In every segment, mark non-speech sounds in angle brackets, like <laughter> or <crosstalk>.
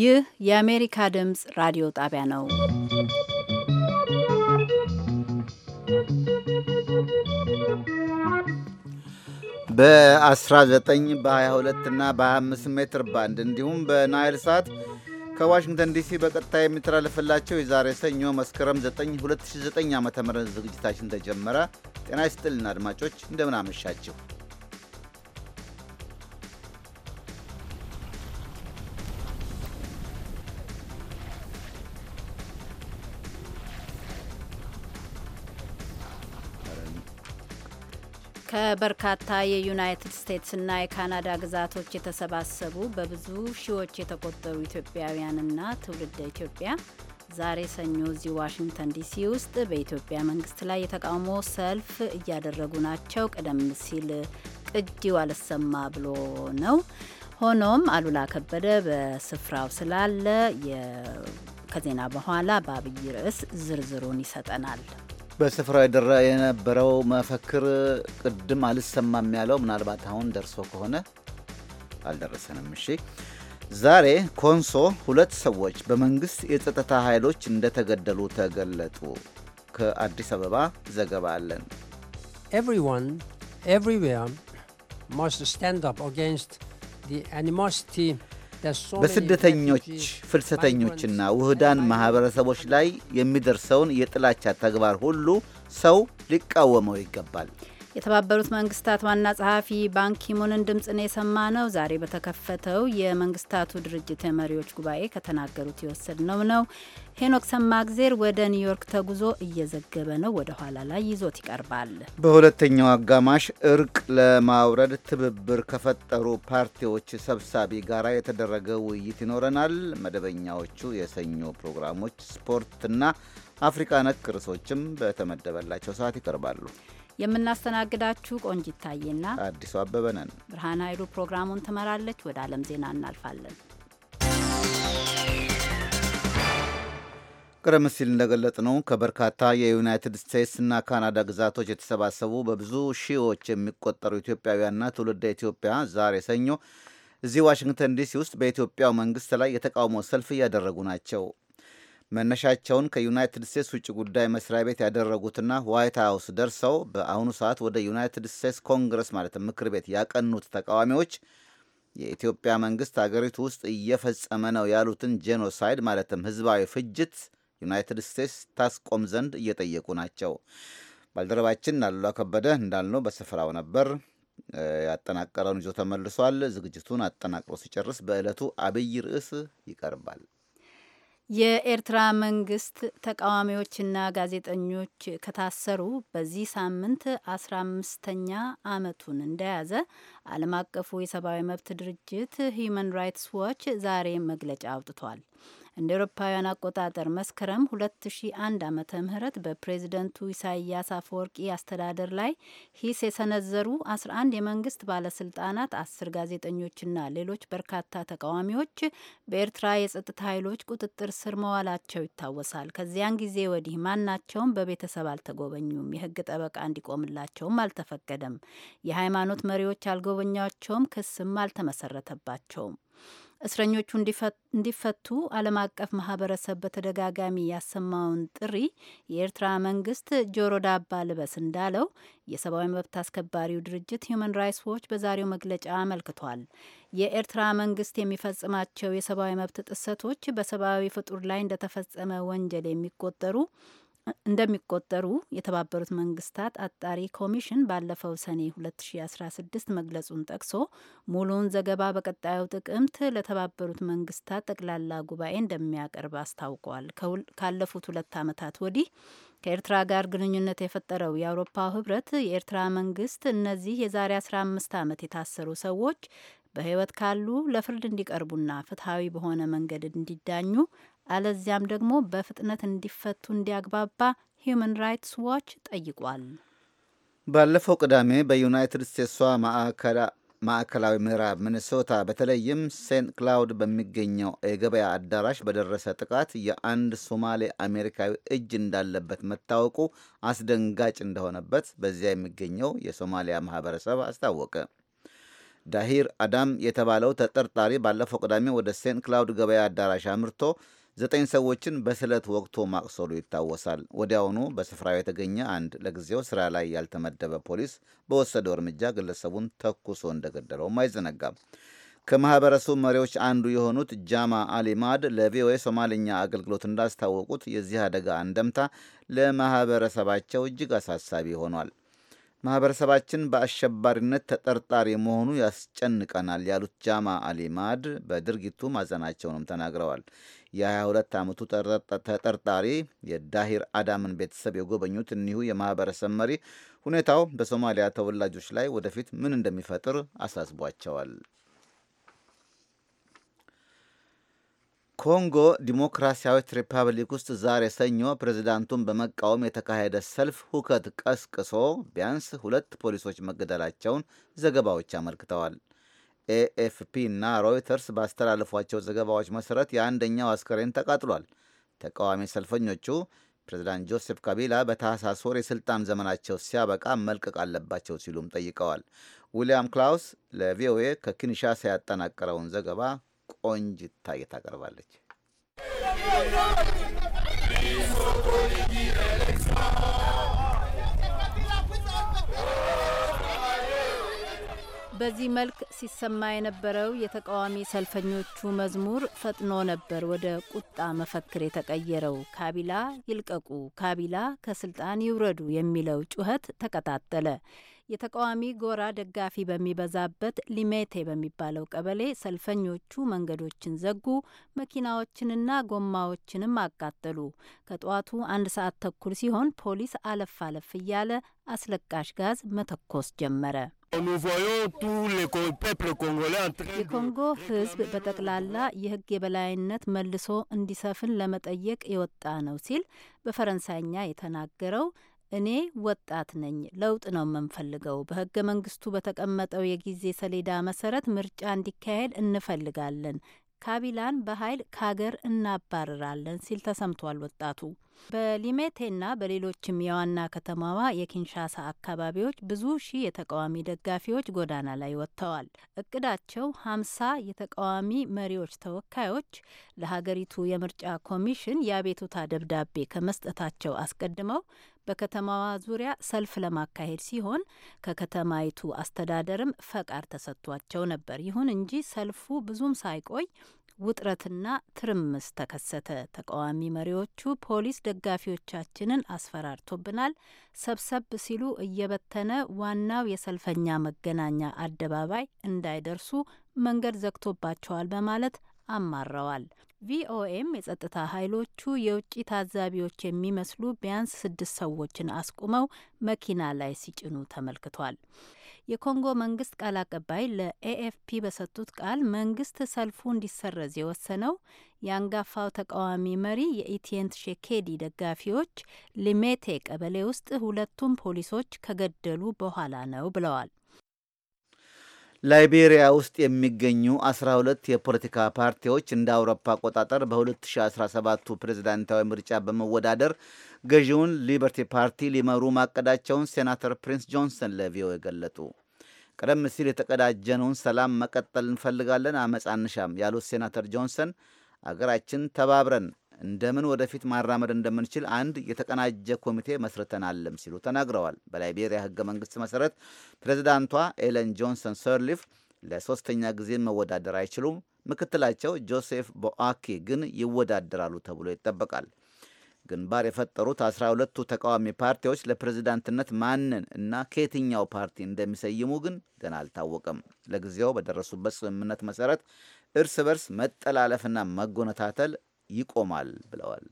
ይህ የአሜሪካ ድምፅ ራዲዮ ጣቢያ ነው። በ19 በ22 እና በ25 ሜትር ባንድ እንዲሁም በናይል ሳት ከዋሽንግተን ዲሲ በቀጥታ የሚተላለፍላቸው የዛሬ ሰኞ መስከረም 9 2009 ዓ ም ዝግጅታችን ተጀመረ። ጤና ይስጥልን አድማጮች፣ እንደምን አመሻችሁ። ከበርካታ የዩናይትድ ስቴትስና የካናዳ ግዛቶች የተሰባሰቡ በብዙ ሺዎች የተቆጠሩ ኢትዮጵያውያንና ትውልደ ኢትዮጵያ ዛሬ ሰኞ እዚህ ዋሽንግተን ዲሲ ውስጥ በኢትዮጵያ መንግስት ላይ የተቃውሞ ሰልፍ እያደረጉ ናቸው። ቀደም ሲል ቅጂው አልሰማ ብሎ ነው። ሆኖም አሉላ ከበደ በስፍራው ስላለ ከዜና በኋላ በአብይ ርዕስ ዝርዝሩን ይሰጠናል። በስፍራው የደረ የነበረው መፈክር ቅድም አልሰማም ያለው ምናልባት አሁን ደርሶ ከሆነ አልደረሰንም። እሺ። ዛሬ ኮንሶ ሁለት ሰዎች በመንግስት የጸጥታ ኃይሎች እንደተገደሉ ተገለጡ። ከአዲስ አበባ ዘገባ አለን። ኤቭሪዋን ኤቭሪዌር ሞስት ስታንድ አፕ አጋንስት አኒሞሲቲ በስደተኞች ፍልሰተኞችና ውህዳን ማህበረሰቦች ላይ የሚደርሰውን የጥላቻ ተግባር ሁሉ ሰው ሊቃወመው ይገባል። የተባበሩት መንግስታት ዋና ጸሐፊ ባንኪሙንን ነው የሰማ ነው። ዛሬ በተከፈተው የመንግስታቱ ድርጅት የመሪዎች ጉባኤ ከተናገሩት የወሰድ ነው። ሄኖክ ሰማግዜር ወደ ኒውዮርክ ተጉዞ እየዘገበ ነው። ወደ ኋላ ላይ ይዞት ይቀርባል። በሁለተኛው አጋማሽ እርቅ ለማውረድ ትብብር ከፈጠሩ ፓርቲዎች ሰብሳቢ ጋር የተደረገ ውይይት ይኖረናል። መደበኛዎቹ የሰኞ ፕሮግራሞች ስፖርትና አፍሪካ ነክ ርዕሶችም በተመደበላቸው ሰዓት ይቀርባሉ። የምናስተናግዳችሁ ቆንጂት ታዬና አዲሱ አበበ ነን። ብርሃን ኃይሉ ፕሮግራሙን ትመራለች። ወደ ዓለም ዜና እናልፋለን። ቀደም ሲል እንደገለጥ ነው ከበርካታ የዩናይትድ ስቴትስ እና ካናዳ ግዛቶች የተሰባሰቡ በብዙ ሺዎች የሚቆጠሩ ኢትዮጵያውያንና ትውልደ ኢትዮጵያ ዛሬ ሰኞ እዚህ ዋሽንግተን ዲሲ ውስጥ በኢትዮጵያው መንግስት ላይ የተቃውሞ ሰልፍ እያደረጉ ናቸው። መነሻቸውን ከዩናይትድ ስቴትስ ውጭ ጉዳይ መስሪያ ቤት ያደረጉትና ዋይት ሀውስ ደርሰው በአሁኑ ሰዓት ወደ ዩናይትድ ስቴትስ ኮንግረስ ማለት ምክር ቤት ያቀኑት ተቃዋሚዎች የኢትዮጵያ መንግስት አገሪቱ ውስጥ እየፈጸመ ነው ያሉትን ጄኖሳይድ ማለትም ህዝባዊ ፍጅት ዩናይትድ ስቴትስ ታስቆም ዘንድ እየጠየቁ ናቸው። ባልደረባችን አሉላ ከበደ እንዳልነው በስፍራው ነበር። ያጠናቀረውን ይዞ ተመልሷል። ዝግጅቱን አጠናቅሮ ሲጨርስ በዕለቱ አብይ ርዕስ ይቀርባል። የኤርትራ መንግስት ተቃዋሚዎችና ጋዜጠኞች ከታሰሩ በዚህ ሳምንት አስራ አምስተኛ አመቱን እንደያዘ ዓለም አቀፉ የሰብአዊ መብት ድርጅት ሂዩማን ራይትስ ዋች ዛሬ መግለጫ አውጥቷል። እንደ ኤሮፓውያን አቆጣጠር መስከረም 2001 ዓ ም በፕሬዚደንቱ ኢሳያስ አፈወርቂ አስተዳደር ላይ ሂስ የሰነዘሩ 11 የመንግስት ባለስልጣናት፣ 10 ጋዜጠኞችና ሌሎች በርካታ ተቃዋሚዎች በኤርትራ የጸጥታ ኃይሎች ቁጥጥር ስር መዋላቸው ይታወሳል። ከዚያን ጊዜ ወዲህ ማናቸውም በቤተሰብ አልተጎበኙም። የህግ ጠበቃ እንዲቆምላቸውም አልተፈቀደም። የሃይማኖት መሪዎች አልጎበኟቸውም። ክስም አልተመሰረተባቸውም። እስረኞቹ እንዲፈቱ ዓለም አቀፍ ማህበረሰብ በተደጋጋሚ ያሰማውን ጥሪ የኤርትራ መንግስት ጆሮ ዳባ ልበስ እንዳለው የሰብአዊ መብት አስከባሪው ድርጅት ሂዩማን ራይትስ ዎች በዛሬው መግለጫ አመልክቷል። የኤርትራ መንግስት የሚፈጽማቸው የሰብአዊ መብት ጥሰቶች በሰብአዊ ፍጡር ላይ እንደተፈጸመ ወንጀል የሚቆጠሩ እንደሚቆጠሩ የተባበሩት መንግስታት አጣሪ ኮሚሽን ባለፈው ሰኔ 2016 መግለጹን ጠቅሶ ሙሉውን ዘገባ በቀጣዩ ጥቅምት ለተባበሩት መንግስታት ጠቅላላ ጉባኤ እንደሚያቀርብ አስታውቋል። ካለፉት ሁለት ዓመታት ወዲህ ከኤርትራ ጋር ግንኙነት የፈጠረው የአውሮፓ ህብረት የኤርትራ መንግስት እነዚህ የዛሬ 15 ዓመት የታሰሩ ሰዎች በህይወት ካሉ ለፍርድ እንዲቀርቡና ፍትሐዊ በሆነ መንገድ እንዲዳኙ አለዚያም ደግሞ በፍጥነት እንዲፈቱ እንዲያግባባ ሂዩማን ራይትስ ዋች ጠይቋል። ባለፈው ቅዳሜ በዩናይትድ ስቴትሷ ማዕከላዊ ምዕራብ ሚኒሶታ በተለይም ሴንት ክላውድ በሚገኘው የገበያ አዳራሽ በደረሰ ጥቃት የአንድ ሶማሌ አሜሪካዊ እጅ እንዳለበት መታወቁ አስደንጋጭ እንደሆነበት በዚያ የሚገኘው የሶማሊያ ማህበረሰብ አስታወቀ። ዳሂር አዳም የተባለው ተጠርጣሪ ባለፈው ቅዳሜ ወደ ሴንት ክላውድ ገበያ አዳራሽ አምርቶ ዘጠኝ ሰዎችን በስለት ወቅቶ ማቁሰሉ ይታወሳል። ወዲያውኑ በስፍራው የተገኘ አንድ ለጊዜው ስራ ላይ ያልተመደበ ፖሊስ በወሰደው እርምጃ ግለሰቡን ተኩሶ እንደገደለውም አይዘነጋም። ከማህበረሰቡ መሪዎች አንዱ የሆኑት ጃማ አሊማድ ለቪኦኤ ሶማልኛ አገልግሎት እንዳስታወቁት የዚህ አደጋ አንደምታ ለማህበረሰባቸው እጅግ አሳሳቢ ሆኗል። ማህበረሰባችን በአሸባሪነት ተጠርጣሪ መሆኑ ያስጨንቀናል ያሉት ጃማ አሊማድ በድርጊቱ ማዘናቸውንም ተናግረዋል። የ22 ዓመቱ ተጠርጣሪ የዳሂር አዳምን ቤተሰብ የጎበኙት እኒሁ የማህበረሰብ መሪ ሁኔታው በሶማሊያ ተወላጆች ላይ ወደፊት ምን እንደሚፈጥር አሳስቧቸዋል። ኮንጎ ዲሞክራሲያዊት ሪፐብሊክ ውስጥ ዛሬ ሰኞ ፕሬዚዳንቱን በመቃወም የተካሄደ ሰልፍ ሁከት ቀስቅሶ ቢያንስ ሁለት ፖሊሶች መገደላቸውን ዘገባዎች አመልክተዋል። ኤኤፍፒ እና ሮይተርስ ባስተላለፏቸው ዘገባዎች መሠረት የአንደኛው አስከሬን ተቃጥሏል። ተቃዋሚ ሰልፈኞቹ ፕሬዚዳንት ጆሴፍ ካቢላ በታህሳስ ወር የሥልጣን ዘመናቸው ሲያበቃ መልቀቅ አለባቸው ሲሉም ጠይቀዋል። ዊልያም ክላውስ ለቪኦኤ ከኪንሻሳ ያጠናቀረውን ዘገባ ቆንጅታ ታቀርባለች። በዚህ መልክ ሲሰማ የነበረው የተቃዋሚ ሰልፈኞቹ መዝሙር ፈጥኖ ነበር ወደ ቁጣ መፈክር የተቀየረው። ካቢላ ይልቀቁ፣ ካቢላ ከስልጣን ይውረዱ የሚለው ጩኸት ተቀጣጠለ። የተቃዋሚ ጎራ ደጋፊ በሚበዛበት ሊሜቴ በሚባለው ቀበሌ ሰልፈኞቹ መንገዶችን ዘጉ፣ መኪናዎችንና ጎማዎችንም አቃጠሉ። ከጠዋቱ አንድ ሰዓት ተኩል ሲሆን ፖሊስ አለፍ አለፍ እያለ አስለቃሽ ጋዝ መተኮስ ጀመረ። Oh, የኮንጎ ህዝብ በጠቅላላ የህግ የበላይነት መልሶ እንዲሰፍን ለመጠየቅ የወጣ ነው ሲል በፈረንሳይኛ የተናገረው እኔ ወጣት ነኝ። ለውጥ ነው የምንፈልገው። በህገ መንግስቱ በተቀመጠው የጊዜ ሰሌዳ መሰረት ምርጫ እንዲካሄድ እንፈልጋለን። ካቢላን በኃይል ከሀገር እናባረራለን ሲል ተሰምቷል። ወጣቱ በሊሜቴና በሌሎችም የዋና ከተማዋ የኪንሻሳ አካባቢዎች ብዙ ሺህ የተቃዋሚ ደጋፊዎች ጎዳና ላይ ወጥተዋል። እቅዳቸው ሀምሳ የተቃዋሚ መሪዎች ተወካዮች ለሀገሪቱ የምርጫ ኮሚሽን የአቤቱታ ደብዳቤ ከመስጠታቸው አስቀድመው በከተማዋ ዙሪያ ሰልፍ ለማካሄድ ሲሆን ከከተማይቱ አስተዳደርም ፈቃድ ተሰጥቷቸው ነበር። ይሁን እንጂ ሰልፉ ብዙም ሳይቆይ ውጥረትና ትርምስ ተከሰተ። ተቃዋሚ መሪዎቹ ፖሊስ ደጋፊዎቻችንን አስፈራርቶብናል፣ ሰብሰብ ሲሉ እየበተነ ዋናው የሰልፈኛ መገናኛ አደባባይ እንዳይደርሱ መንገድ ዘግቶባቸዋል በማለት አማረዋል። ቪኦኤም የጸጥታ ኃይሎቹ የውጭ ታዛቢዎች የሚመስሉ ቢያንስ ስድስት ሰዎችን አስቁመው መኪና ላይ ሲጭኑ ተመልክቷል። የኮንጎ መንግስት ቃል አቀባይ ለኤኤፍፒ በሰጡት ቃል መንግስት ሰልፉ እንዲሰረዝ የወሰነው የአንጋፋው ተቃዋሚ መሪ የኢቲየን ሼኬዲ ደጋፊዎች ሊሜቴ ቀበሌ ውስጥ ሁለቱም ፖሊሶች ከገደሉ በኋላ ነው ብለዋል። ላይቤሪያ ውስጥ የሚገኙ 12 የፖለቲካ ፓርቲዎች እንደ አውሮፓ አቆጣጠር በ2017 ፕሬዝዳንታዊ ምርጫ በመወዳደር ገዢውን ሊበርቲ ፓርቲ ሊመሩ ማቀዳቸውን ሴናተር ፕሪንስ ጆንሰን ለቪኦኤ ገለጡ። ቀደም ሲል የተቀዳጀነውን ሰላም መቀጠል እንፈልጋለን፣ አመፅ አንሻም ያሉት ሴናተር ጆንሰን አገራችን ተባብረን እንደምን ወደፊት ማራመድ እንደምንችል አንድ የተቀናጀ ኮሚቴ መስርተናለም ሲሉ ተናግረዋል። በላይቤሪያ ህገ መንግስት መሰረት ፕሬዚዳንቷ ኤለን ጆንሰን ሰርሊፍ ለሶስተኛ ጊዜ መወዳደር አይችሉም። ምክትላቸው ጆሴፍ ቦአኪ ግን ይወዳደራሉ ተብሎ ይጠበቃል። ግንባር የፈጠሩት አስራ ሁለቱ ተቃዋሚ ፓርቲዎች ለፕሬዚዳንትነት ማንን እና ከየትኛው ፓርቲ እንደሚሰይሙ ግን ገና አልታወቀም። ለጊዜው በደረሱበት ስምምነት መሰረት እርስ በርስ መጠላለፍና መጎነታተል ይቆማል ብለዋል።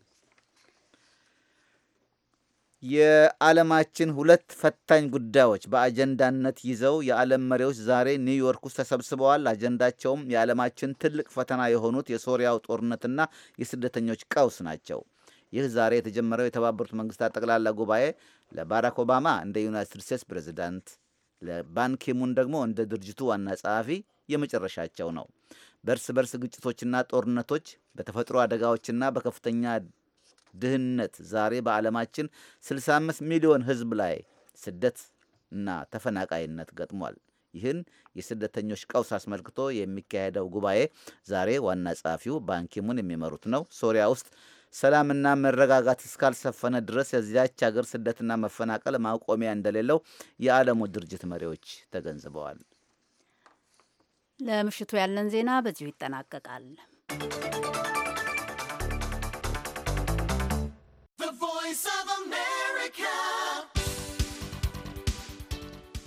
የዓለማችን ሁለት ፈታኝ ጉዳዮች በአጀንዳነት ይዘው የዓለም መሪዎች ዛሬ ኒውዮርክ ውስጥ ተሰብስበዋል። አጀንዳቸውም የዓለማችን ትልቅ ፈተና የሆኑት የሶሪያው ጦርነትና የስደተኞች ቀውስ ናቸው። ይህ ዛሬ የተጀመረው የተባበሩት መንግስታት ጠቅላላ ጉባኤ ለባራክ ኦባማ እንደ ዩናይትድ ስቴትስ ፕሬዚዳንት፣ ለባንኪሙን ደግሞ እንደ ድርጅቱ ዋና ጸሐፊ የመጨረሻቸው ነው። በእርስ በርስ ግጭቶችና ጦርነቶች፣ በተፈጥሮ አደጋዎችና በከፍተኛ ድህነት ዛሬ በዓለማችን 65 ሚሊዮን ሕዝብ ላይ ስደት እና ተፈናቃይነት ገጥሟል። ይህን የስደተኞች ቀውስ አስመልክቶ የሚካሄደው ጉባኤ ዛሬ ዋና ጸሐፊው ባንኪሙን የሚመሩት ነው። ሶሪያ ውስጥ ሰላምና መረጋጋት እስካልሰፈነ ድረስ የዚያች ሀገር ስደትና መፈናቀል ማቆሚያ እንደሌለው የዓለሙ ድርጅት መሪዎች ተገንዝበዋል። ለምሽቱ ያለን ዜና በዚሁ ይጠናቀቃል።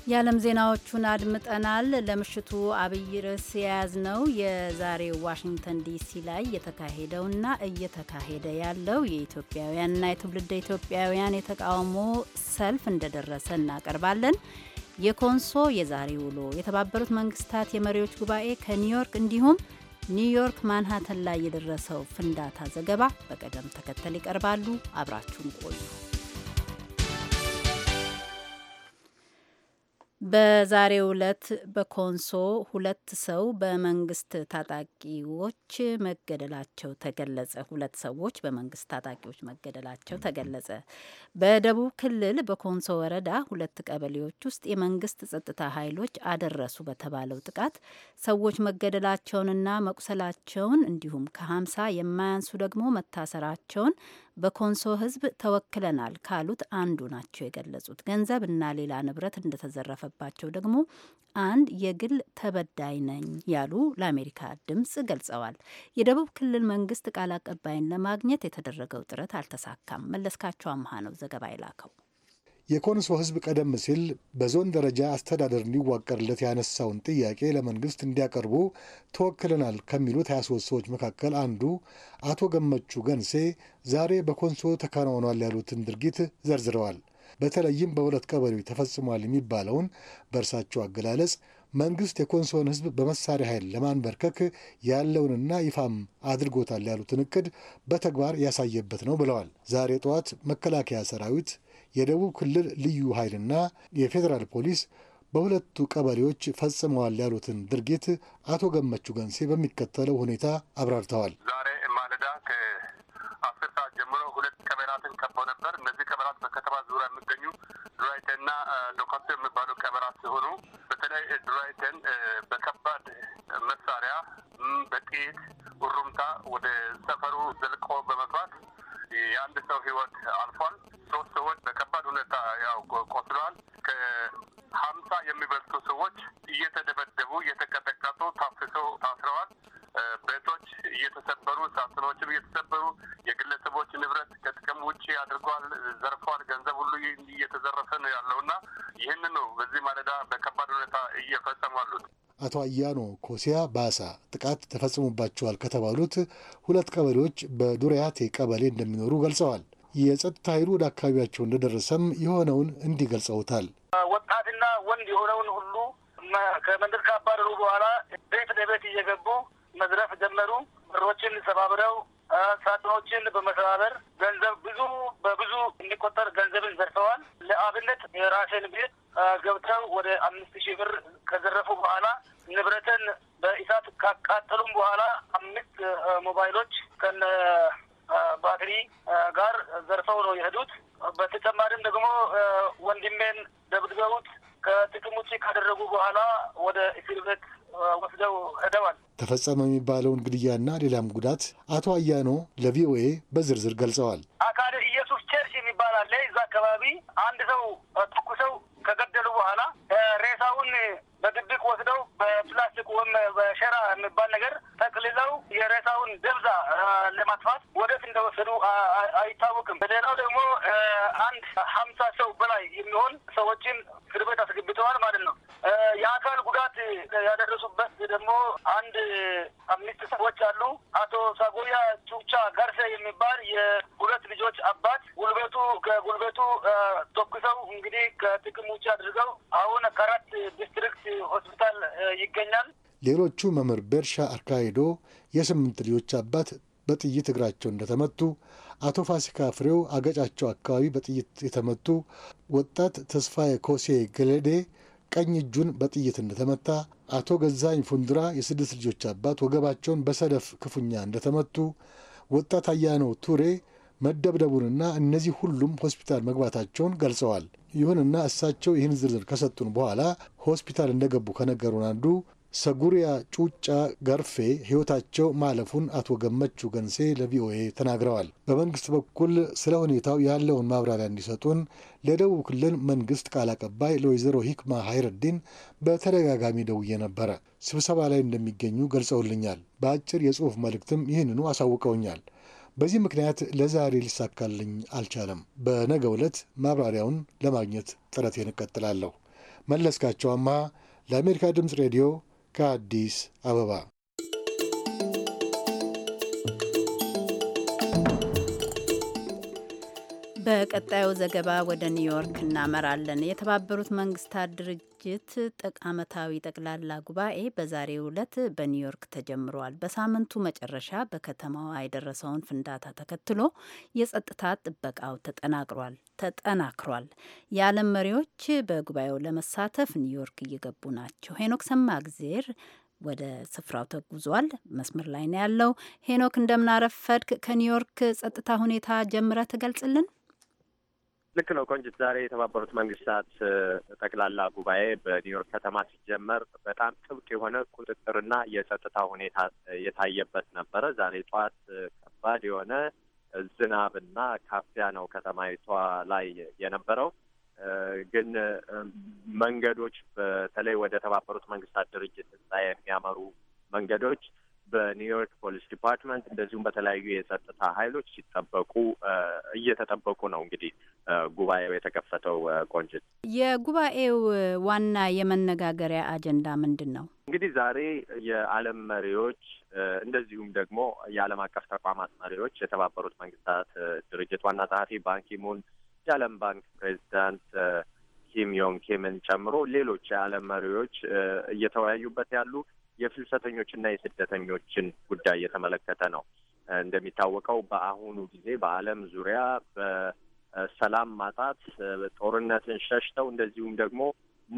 የዓለም ዜናዎቹን አድምጠናል። ለምሽቱ አብይ ርዕስ የያዝነው የዛሬው ዋሽንግተን ዲሲ ላይ የተካሄደውና እየተካሄደ ያለው የኢትዮጵያውያንና የትውልደ ኢትዮጵያውያን የተቃውሞ ሰልፍ እንደደረሰ እናቀርባለን። የኮንሶ የዛሬ ውሎ፣ የተባበሩት መንግስታት የመሪዎች ጉባኤ ከኒውዮርክ እንዲሁም ኒውዮርክ ማንሃተን ላይ የደረሰው ፍንዳታ ዘገባ በቅደም ተከተል ይቀርባሉ። አብራችሁን ቆዩ። በዛሬው ዕለት በኮንሶ ሁለት ሰው በመንግስት ታጣቂዎች መገደላቸው ተገለጸ። ሁለት ሰዎች በመንግስት ታጣቂዎች መገደላቸው ተገለጸ። በደቡብ ክልል በኮንሶ ወረዳ ሁለት ቀበሌዎች ውስጥ የመንግስት ጸጥታ ኃይሎች አደረሱ በተባለው ጥቃት ሰዎች መገደላቸውንና መቁሰላቸውን እንዲሁም ከሀምሳ የማያንሱ ደግሞ መታሰራቸውን በኮንሶ ህዝብ ተወክለናል ካሉት አንዱ ናቸው የገለጹት። ገንዘብ እና ሌላ ንብረት እንደተዘረፈባቸው ደግሞ አንድ የግል ተበዳይ ነኝ ያሉ ለአሜሪካ ድምጽ ገልጸዋል። የደቡብ ክልል መንግስት ቃል አቀባይን ለማግኘት የተደረገው ጥረት አልተሳካም። መለስካቸው አምሃ ነው ዘገባ የላከው። የኮንሶ ህዝብ ቀደም ሲል በዞን ደረጃ አስተዳደር እንዲዋቀርለት ያነሳውን ጥያቄ ለመንግስት እንዲያቀርቡ ተወክለናል ከሚሉት 23 ሰዎች መካከል አንዱ አቶ ገመቹ ገንሴ ዛሬ በኮንሶ ተከናውኗል ያሉትን ድርጊት ዘርዝረዋል። በተለይም በሁለት ቀበሌዎች ተፈጽሟል የሚባለውን በእርሳቸው አገላለጽ መንግስት የኮንሶን ህዝብ በመሳሪያ ኃይል ለማንበርከክ ያለውንና ይፋም አድርጎታል ያሉትን እቅድ በተግባር ያሳየበት ነው ብለዋል። ዛሬ ጠዋት መከላከያ ሰራዊት የደቡብ ክልል ልዩ ኃይልና የፌዴራል ፖሊስ በሁለቱ ቀበሌዎች ፈጽመዋል ያሉትን ድርጊት አቶ ገመቹ ገንሴ በሚከተለው ሁኔታ አብራርተዋል። ዛሬ ማለዳ ከአስር ሰዓት ጀምሮ ሁለት ቀበሌያትን ከበው ነበር። እነዚህ ቀበሌያት በከተማ ዙሪያ የሚገኙ ድራይተንና ዶካቶ የሚባሉ ቀበሌያት ሲሆኑ በተለይ ድራይተን በከባድ መሳሪያ በጥይት፣ ጉሩምታ ወደ ሰፈሩ ዘልቆ በመግባት የአንድ ሰው ህይወት አልፏል። ሶስት ሰዎች በከባድ ሁኔታ ያው ቆስለዋል። ከሀምሳ የሚበልጡ ሰዎች እየተደበደቡ እየተቀጠቀጡ ታፍሰው ታስረዋል። ቤቶች እየተሰበሩ፣ ሳጥኖችም እየተሰበሩ የግለሰቦች ንብረት ከጥቅም ውጭ አድርጓል፣ ዘርፏል። ገንዘብ ሁሉ እየተዘረፈ ነው ያለውና ይህንን ነው በዚህ ማለዳ በከባድ ሁኔታ እየፈጸሙ አሉት። አቶ አያኖ ኮሲያ ባሳ ጥቃት ተፈጽሞባቸዋል ከተባሉት ሁለት ቀበሌዎች በዱሪያቴ ቀበሌ እንደሚኖሩ ገልጸዋል። የጸጥታ ኃይሉ ወደ አካባቢያቸው እንደደረሰም የሆነውን እንዲህ ገልጸውታል። ወጣትና ወንድ የሆነውን ሁሉ ከመንደር ካባረሩ በኋላ ቤት ለቤት እየገቡ መዝረፍ ጀመሩ። ብሮችን ሰባብረው ሳጥኖችን በመሰባበር ገንዘብ ብዙ በብዙ እንዲቆጠር ገንዘብን ዘርፈዋል። ለአብነት የራሴን ቤት ገብተው ወደ አምስት ሺህ ብር ከዘረፉ በኋላ ንብረትን በእሳት ካቃጠሉም በኋላ አምስት ሞባይሎች ከነ ባትሪ ጋር ዘርፈው ነው የሄዱት። በተጨማሪም ደግሞ ወንድሜን ደብድበውት ከጥቅም ውጭ ካደረጉ በኋላ ወደ እስር ቤት ወስደው ሄደዋል። ተፈጸመ የሚባለውን ግድያና ሌላም ጉዳት አቶ አያኖ ለቪኦኤ በዝርዝር ገልጸዋል። አካደ ኢየሱስ ቸርች የሚባል አለ። እዛ አካባቢ አንድ ሰው ትኩሰው ከገደሉ በኋላ ሬሳውን በድብቅ ወስደው በፕላስቲክ ወይም በሸራ የሚባል ነገር ጠቅልለው የሬሳውን ደብዛ ለማጥፋት ወደት እንደወሰዱ አይታወቅም። ሌላው ደግሞ አንድ ሀምሳ ሰው በላይ የሚሆን ሰዎችን እስር ቤት አስገብተዋል ማለት ነው። የአካል ጉዳት ያደረሱበት ደግሞ አንድ አምስት ሰዎች አሉ። አቶ ሳጎያ ቹቻ ጋርሴ የሚባል የሁለት ልጆች አባት ጉልበቱ ከጉልበቱ ተኩሰው እንግዲህ ከጥቅም ውጭ አድርገው አሁን ከአራት ዲስትሪክት ሆስፒታል ይገኛል። ሌሎቹ መምህር ቤርሻ አርካሂዶ የስምንት ልጆች አባት በጥይት እግራቸው እንደተመቱ፣ አቶ ፋሲካ ፍሬው አገጫቸው አካባቢ በጥይት የተመቱ፣ ወጣት ተስፋዬ ኮሴ ገለዴ ቀኝ እጁን በጥይት እንደተመታ፣ አቶ ገዛኝ ፉንድራ የስድስት ልጆች አባት ወገባቸውን በሰደፍ ክፉኛ እንደተመቱ፣ ወጣት አያነው ቱሬ መደብደቡንና እነዚህ ሁሉም ሆስፒታል መግባታቸውን ገልጸዋል። ይሁንና እሳቸው ይህን ዝርዝር ከሰጡን በኋላ ሆስፒታል እንደገቡ ከነገሩን አንዱ ሰጉሪያ ጩጫ ገርፌ ሕይወታቸው ማለፉን አቶ ገመቹ ገንሴ ለቪኦኤ ተናግረዋል። በመንግስት በኩል ስለ ሁኔታው ያለውን ማብራሪያ እንዲሰጡን ለደቡብ ክልል መንግስት ቃል አቀባይ ለወይዘሮ ሂክማ ሀይረዲን በተደጋጋሚ ደውዬ ነበረ። ስብሰባ ላይ እንደሚገኙ ገልጸውልኛል። በአጭር የጽሑፍ መልእክትም ይህንኑ አሳውቀውኛል። በዚህ ምክንያት ለዛሬ ሊሳካልኝ አልቻለም። በነገ ዕለት ማብራሪያውን ለማግኘት ጥረቴን እቀጥላለሁ። መለስካቸው አምሃ ለአሜሪካ ድምፅ ሬዲዮ ከአዲስ አበባ በቀጣዩ ዘገባ ወደ ኒውዮርክ እናመራለን። የተባበሩት መንግስታት ድርጅት ድርጅት ዓመታዊ ጠቅላላ ጉባኤ በዛሬው ዕለት በኒውዮርክ ተጀምሯል። በሳምንቱ መጨረሻ በከተማዋ የደረሰውን ፍንዳታ ተከትሎ የጸጥታ ጥበቃው ተጠናቅሯል ተጠናክሯል። የዓለም መሪዎች በጉባኤው ለመሳተፍ ኒውዮርክ እየገቡ ናቸው። ሄኖክ ጊዜር ወደ ስፍራው ተጉዟል። መስመር ላይ ነው ያለው። ሄኖክ እንደምናረፈድክ ከኒውዮርክ ጸጥታ ሁኔታ ጀምረ ትገልጽልን? ልክ ነው ቆንጅት። ዛሬ የተባበሩት መንግስታት ጠቅላላ ጉባኤ በኒውዮርክ ከተማ ሲጀመር በጣም ጥብቅ የሆነ ቁጥጥርና የጸጥታ ሁኔታ የታየበት ነበረ። ዛሬ ጠዋት ከባድ የሆነ ዝናብና ካፊያ ነው ከተማይቷ ላይ የነበረው። ግን መንገዶች በተለይ ወደ ተባበሩት መንግስታት ድርጅት ህንፃ የሚያመሩ መንገዶች በኒውዮርክ ፖሊስ ዲፓርትመንት እንደዚሁም በተለያዩ የጸጥታ ኃይሎች ሲጠበቁ እየተጠበቁ ነው። እንግዲህ ጉባኤው የተከፈተው። ቆንጅት፣ የጉባኤው ዋና የመነጋገሪያ አጀንዳ ምንድን ነው? እንግዲህ ዛሬ የዓለም መሪዎች እንደዚሁም ደግሞ የዓለም አቀፍ ተቋማት መሪዎች የተባበሩት መንግስታት ድርጅት ዋና ጸሐፊ ባንኪሙን፣ የዓለም ባንክ ፕሬዚዳንት ኪም ዮንግ ኪምን ጨምሮ ሌሎች የዓለም መሪዎች እየተወያዩበት ያሉ የፍልሰተኞችና የስደተኞችን ጉዳይ እየተመለከተ ነው። እንደሚታወቀው በአሁኑ ጊዜ በዓለም ዙሪያ ሰላም ማጣት፣ ጦርነትን ሸሽተው እንደዚሁም ደግሞ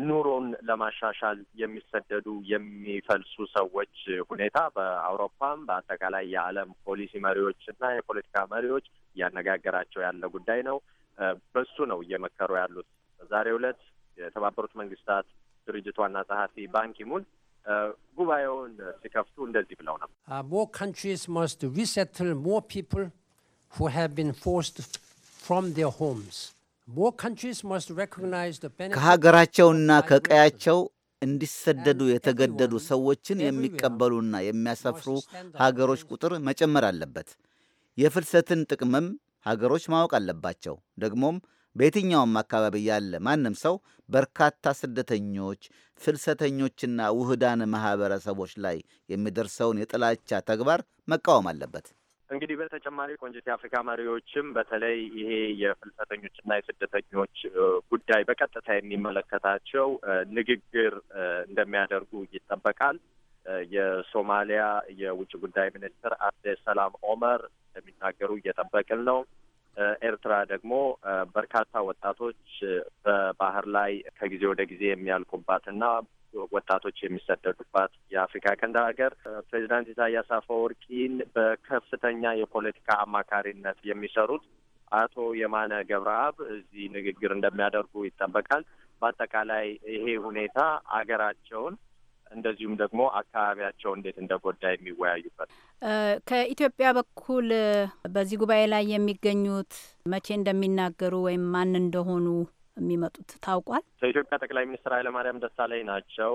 ኑሮን ለማሻሻል የሚሰደዱ የሚፈልሱ ሰዎች ሁኔታ በአውሮፓም በአጠቃላይ የዓለም ፖሊሲ መሪዎች እና የፖለቲካ መሪዎች እያነጋገራቸው ያለ ጉዳይ ነው። በሱ ነው እየመከሩ ያሉት። በዛሬው ዕለት የተባበሩት መንግስታት ድርጅት ዋና ጸሐፊ ባንኪሙን ጉባኤውን ሲከፍቱ እንደዚህ ብለው ነበር። uh, ከሀገራቸውና ከቀያቸው እንዲሰደዱ የተገደዱ ሰዎችን የሚቀበሉና የሚያሰፍሩ ሀገሮች ቁጥር መጨመር አለበት። የፍልሰትን ጥቅምም ሀገሮች ማወቅ አለባቸው። ደግሞም በየትኛውም አካባቢ ያለ ማንም ሰው በርካታ ስደተኞች፣ ፍልሰተኞችና ውህዳን ማኅበረሰቦች ላይ የሚደርሰውን የጥላቻ ተግባር መቃወም አለበት። እንግዲህ በተጨማሪ ቆንጅት የአፍሪካ መሪዎችም በተለይ ይሄ የፍልሰተኞችና የስደተኞች ጉዳይ በቀጥታ የሚመለከታቸው ንግግር እንደሚያደርጉ ይጠበቃል። የሶማሊያ የውጭ ጉዳይ ሚኒስትር አብደ ሰላም ኦመር እንደሚናገሩ እየጠበቅን ነው። ኤርትራ ደግሞ በርካታ ወጣቶች በባህር ላይ ከጊዜ ወደ ጊዜ የሚያልቁባትና ወጣቶች የሚሰደዱባት የአፍሪካ ቀንድ ሀገር ፕሬዚዳንት ኢሳያስ አፈወርቂን በከፍተኛ የፖለቲካ አማካሪነት የሚሰሩት አቶ የማነ ገብረአብ እዚህ ንግግር እንደሚያደርጉ ይጠበቃል። በአጠቃላይ ይሄ ሁኔታ አገራቸውን እንደዚሁም ደግሞ አካባቢያቸው እንዴት እንደጎዳ የሚወያዩበት ከኢትዮጵያ በኩል በዚህ ጉባኤ ላይ የሚገኙት መቼ እንደሚናገሩ ወይም ማን እንደሆኑ የሚመጡት ታውቋል። በኢትዮጵያ ጠቅላይ ሚኒስትር ኃይለማርያም ደሳለኝ ናቸው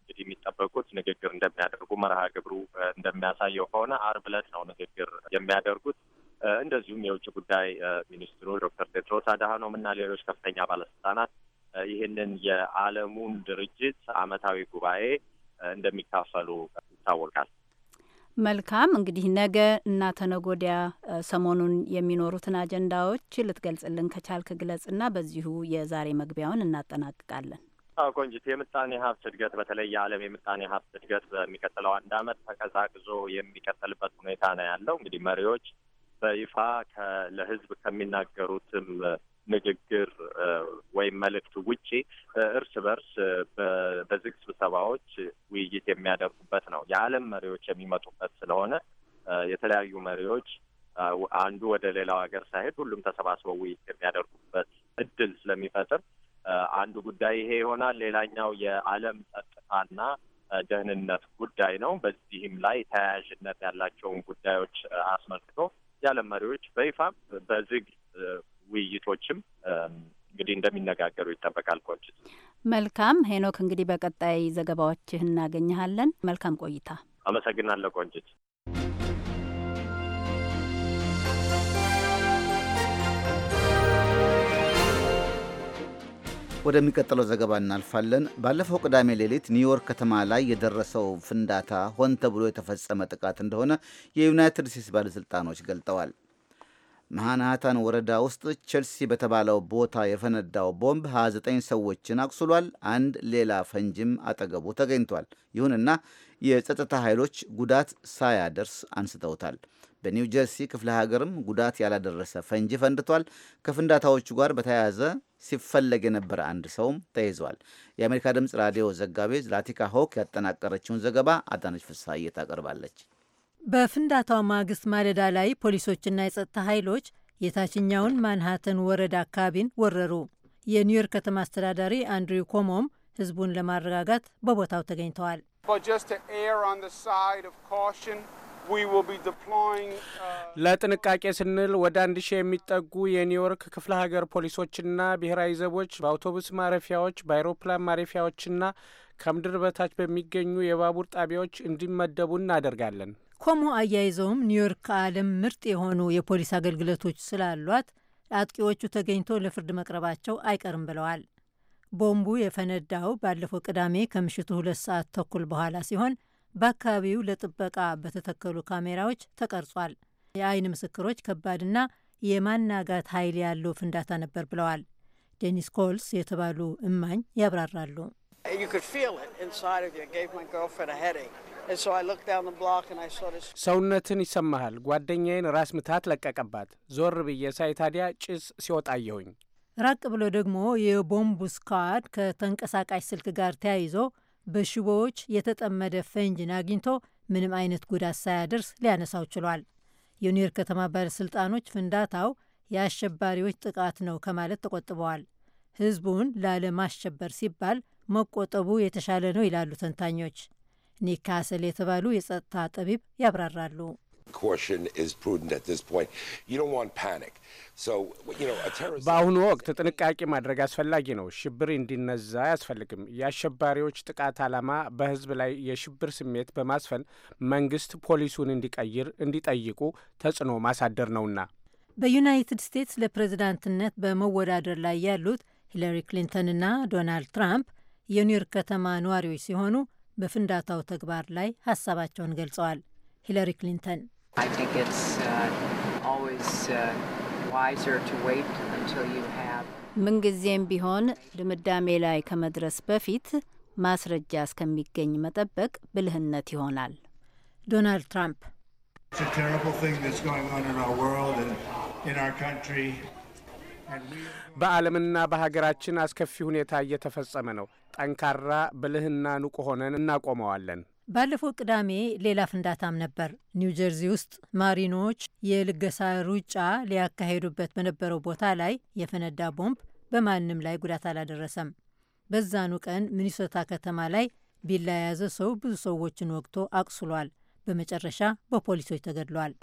እንግዲህ የሚጠበቁት ንግግር እንደሚያደርጉ መርሃ ግብሩ እንደሚያሳየው ከሆነ አርብ ዕለት ነው ንግግር የሚያደርጉት። እንደዚሁም የውጭ ጉዳይ ሚኒስትሩ ዶክተር ቴድሮስ አድሃኖም እና ሌሎች ከፍተኛ ባለስልጣናት ይህንን የዓለሙን ድርጅት አመታዊ ጉባኤ እንደሚካፈሉ ይታወቃል። መልካም እንግዲህ ነገ እና ተነጎዲያ ሰሞኑን የሚኖሩትን አጀንዳዎች ልትገልጽልን ከቻልክ ግለጽና በዚሁ የዛሬ መግቢያውን እናጠናቅቃለን። አዎ ቆንጂት፣ የምጣኔ ሀብት እድገት በተለይ የዓለም የምጣኔ ሀብት እድገት በሚቀጥለው አንድ አመት ተቀዛቅዞ የሚቀጥልበት ሁኔታ ነው ያለው። እንግዲህ መሪዎች በይፋ ለህዝብ ከሚናገሩትም ንግግር ወይም መልእክት ውጪ እርስ በርስ በዝግ ስብሰባዎች ውይይት የሚያደርጉበት ነው። የዓለም መሪዎች የሚመጡበት ስለሆነ የተለያዩ መሪዎች አንዱ ወደ ሌላው ሀገር ሳይሄድ ሁሉም ተሰባስበው ውይይት የሚያደርጉበት እድል ስለሚፈጥር አንዱ ጉዳይ ይሄ ይሆናል። ሌላኛው የዓለም ጸጥታና ደህንነት ጉዳይ ነው። በዚህም ላይ ተያያዥነት ያላቸውን ጉዳዮች አስመልክቶ የዓለም መሪዎች በይፋ በዝግ ውይይቶችም እንግዲህ እንደሚነጋገሩ ይጠበቃል። ቆንጭት መልካም ሄኖክ፣ እንግዲህ በቀጣይ ዘገባዎችህ እናገኘሃለን። መልካም ቆይታ። አመሰግናለሁ ቆንጭት። ወደሚቀጥለው ዘገባ እናልፋለን። ባለፈው ቅዳሜ ሌሊት ኒውዮርክ ከተማ ላይ የደረሰው ፍንዳታ ሆን ተብሎ የተፈጸመ ጥቃት እንደሆነ የዩናይትድ ስቴትስ ባለሥልጣኖች ገልጠዋል። ማንሃታን ወረዳ ውስጥ ቼልሲ በተባለው ቦታ የፈነዳው ቦምብ 29 ሰዎችን አቁስሏል። አንድ ሌላ ፈንጂም አጠገቡ ተገኝቷል። ይሁንና የጸጥታ ኃይሎች ጉዳት ሳያደርስ አንስተውታል። በኒው ጀርሲ ክፍለ ሀገርም ጉዳት ያላደረሰ ፈንጂ ፈንድቷል። ከፍንዳታዎቹ ጋር በተያያዘ ሲፈለግ የነበረ አንድ ሰውም ተይዟል። የአሜሪካ ድምፅ ራዲዮ ዘጋቢ ዝላቲካ ሆክ ያጠናቀረችውን ዘገባ አዳነች ፍስሐዬ ታቀርባለች። በፍንዳታው ማግስት ማለዳ ላይ ፖሊሶችና የጸጥታ ኃይሎች የታችኛውን ማንሃተን ወረዳ አካባቢን ወረሩ። የኒውዮርክ ከተማ አስተዳዳሪ አንድሪው ኮሞም ህዝቡን ለማረጋጋት በቦታው ተገኝተዋል። ለጥንቃቄ ስንል ወደ አንድ ሺህ የሚጠጉ የኒውዮርክ ክፍለ ሀገር ፖሊሶችና ብሔራዊ ዘቦች በአውቶቡስ ማረፊያዎች፣ በአይሮፕላን ማረፊያዎችና ከምድር በታች በሚገኙ የባቡር ጣቢያዎች እንዲመደቡ እናደርጋለን። ኮሞ አያይዘውም ኒውዮርክ ከዓለም ምርጥ የሆኑ የፖሊስ አገልግሎቶች ስላሏት አጥቂዎቹ ተገኝቶ ለፍርድ መቅረባቸው አይቀርም ብለዋል። ቦምቡ የፈነዳው ባለፈው ቅዳሜ ከምሽቱ ሁለት ሰዓት ተኩል በኋላ ሲሆን በአካባቢው ለጥበቃ በተተከሉ ካሜራዎች ተቀርጿል። የአይን ምስክሮች ከባድና የማናጋት ኃይል ያለው ፍንዳታ ነበር ብለዋል። ዴኒስ ኮልስ የተባሉ እማኝ ያብራራሉ። ሰውነትን ይሰማሃል። ጓደኛዬን ራስ ምታት ለቀቀባት። ዞር ብዬ ሳይ ታዲያ ጭስ ሲወጣ አየሁኝ። ራቅ ብሎ ደግሞ የቦምቡ ስኳድ ከተንቀሳቃሽ ስልክ ጋር ተያይዞ በሽቦዎች የተጠመደ ፈንጅን አግኝቶ ምንም አይነት ጉዳት ሳያደርስ ሊያነሳው ችሏል። የኒውዮርክ ከተማ ባለሥልጣኖች ፍንዳታው የአሸባሪዎች ጥቃት ነው ከማለት ተቆጥበዋል። ሕዝቡን ላለማሸበር ሲባል መቆጠቡ የተሻለ ነው ይላሉ ተንታኞች። ኒካስል የተባሉ የጸጥታ ጠቢብ ያብራራሉ። በአሁኑ ወቅት ጥንቃቄ ማድረግ አስፈላጊ ነው። ሽብር እንዲነዛ አያስፈልግም። የአሸባሪዎች ጥቃት ዓላማ በሕዝብ ላይ የሽብር ስሜት በማስፈን መንግስት ፖሊሱን እንዲቀይር እንዲጠይቁ ተጽዕኖ ማሳደር ነውና። በዩናይትድ ስቴትስ ለፕሬዝዳንትነት በመወዳደር ላይ ያሉት ሂለሪ ክሊንተንና ዶናልድ ትራምፕ የኒውዮርክ ከተማ ነዋሪዎች ሲሆኑ በፍንዳታው ተግባር ላይ ሀሳባቸውን ገልጸዋል። ሂለሪ ክሊንተን uh, uh, ምንጊዜም ቢሆን ድምዳሜ ላይ ከመድረስ በፊት ማስረጃ እስከሚገኝ መጠበቅ ብልህነት ይሆናል። ዶናልድ ትራምፕ በዓለምና በሀገራችን አስከፊ ሁኔታ እየተፈጸመ ነው። ጠንካራ ብልህና ንቁ ሆነን እናቆመዋለን። ባለፈው ቅዳሜ ሌላ ፍንዳታም ነበር። ኒው ጀርዚ ውስጥ ማሪኖች የልገሳ ሩጫ ሊያካሄዱበት በነበረው ቦታ ላይ የፈነዳ ቦምብ በማንም ላይ ጉዳት አላደረሰም። በዛኑ ቀን ሚኒሶታ ከተማ ላይ ቢላ የያዘ ሰው ብዙ ሰዎችን ወግቶ አቁስሏል። በመጨረሻ በፖሊሶች ተገድሏል።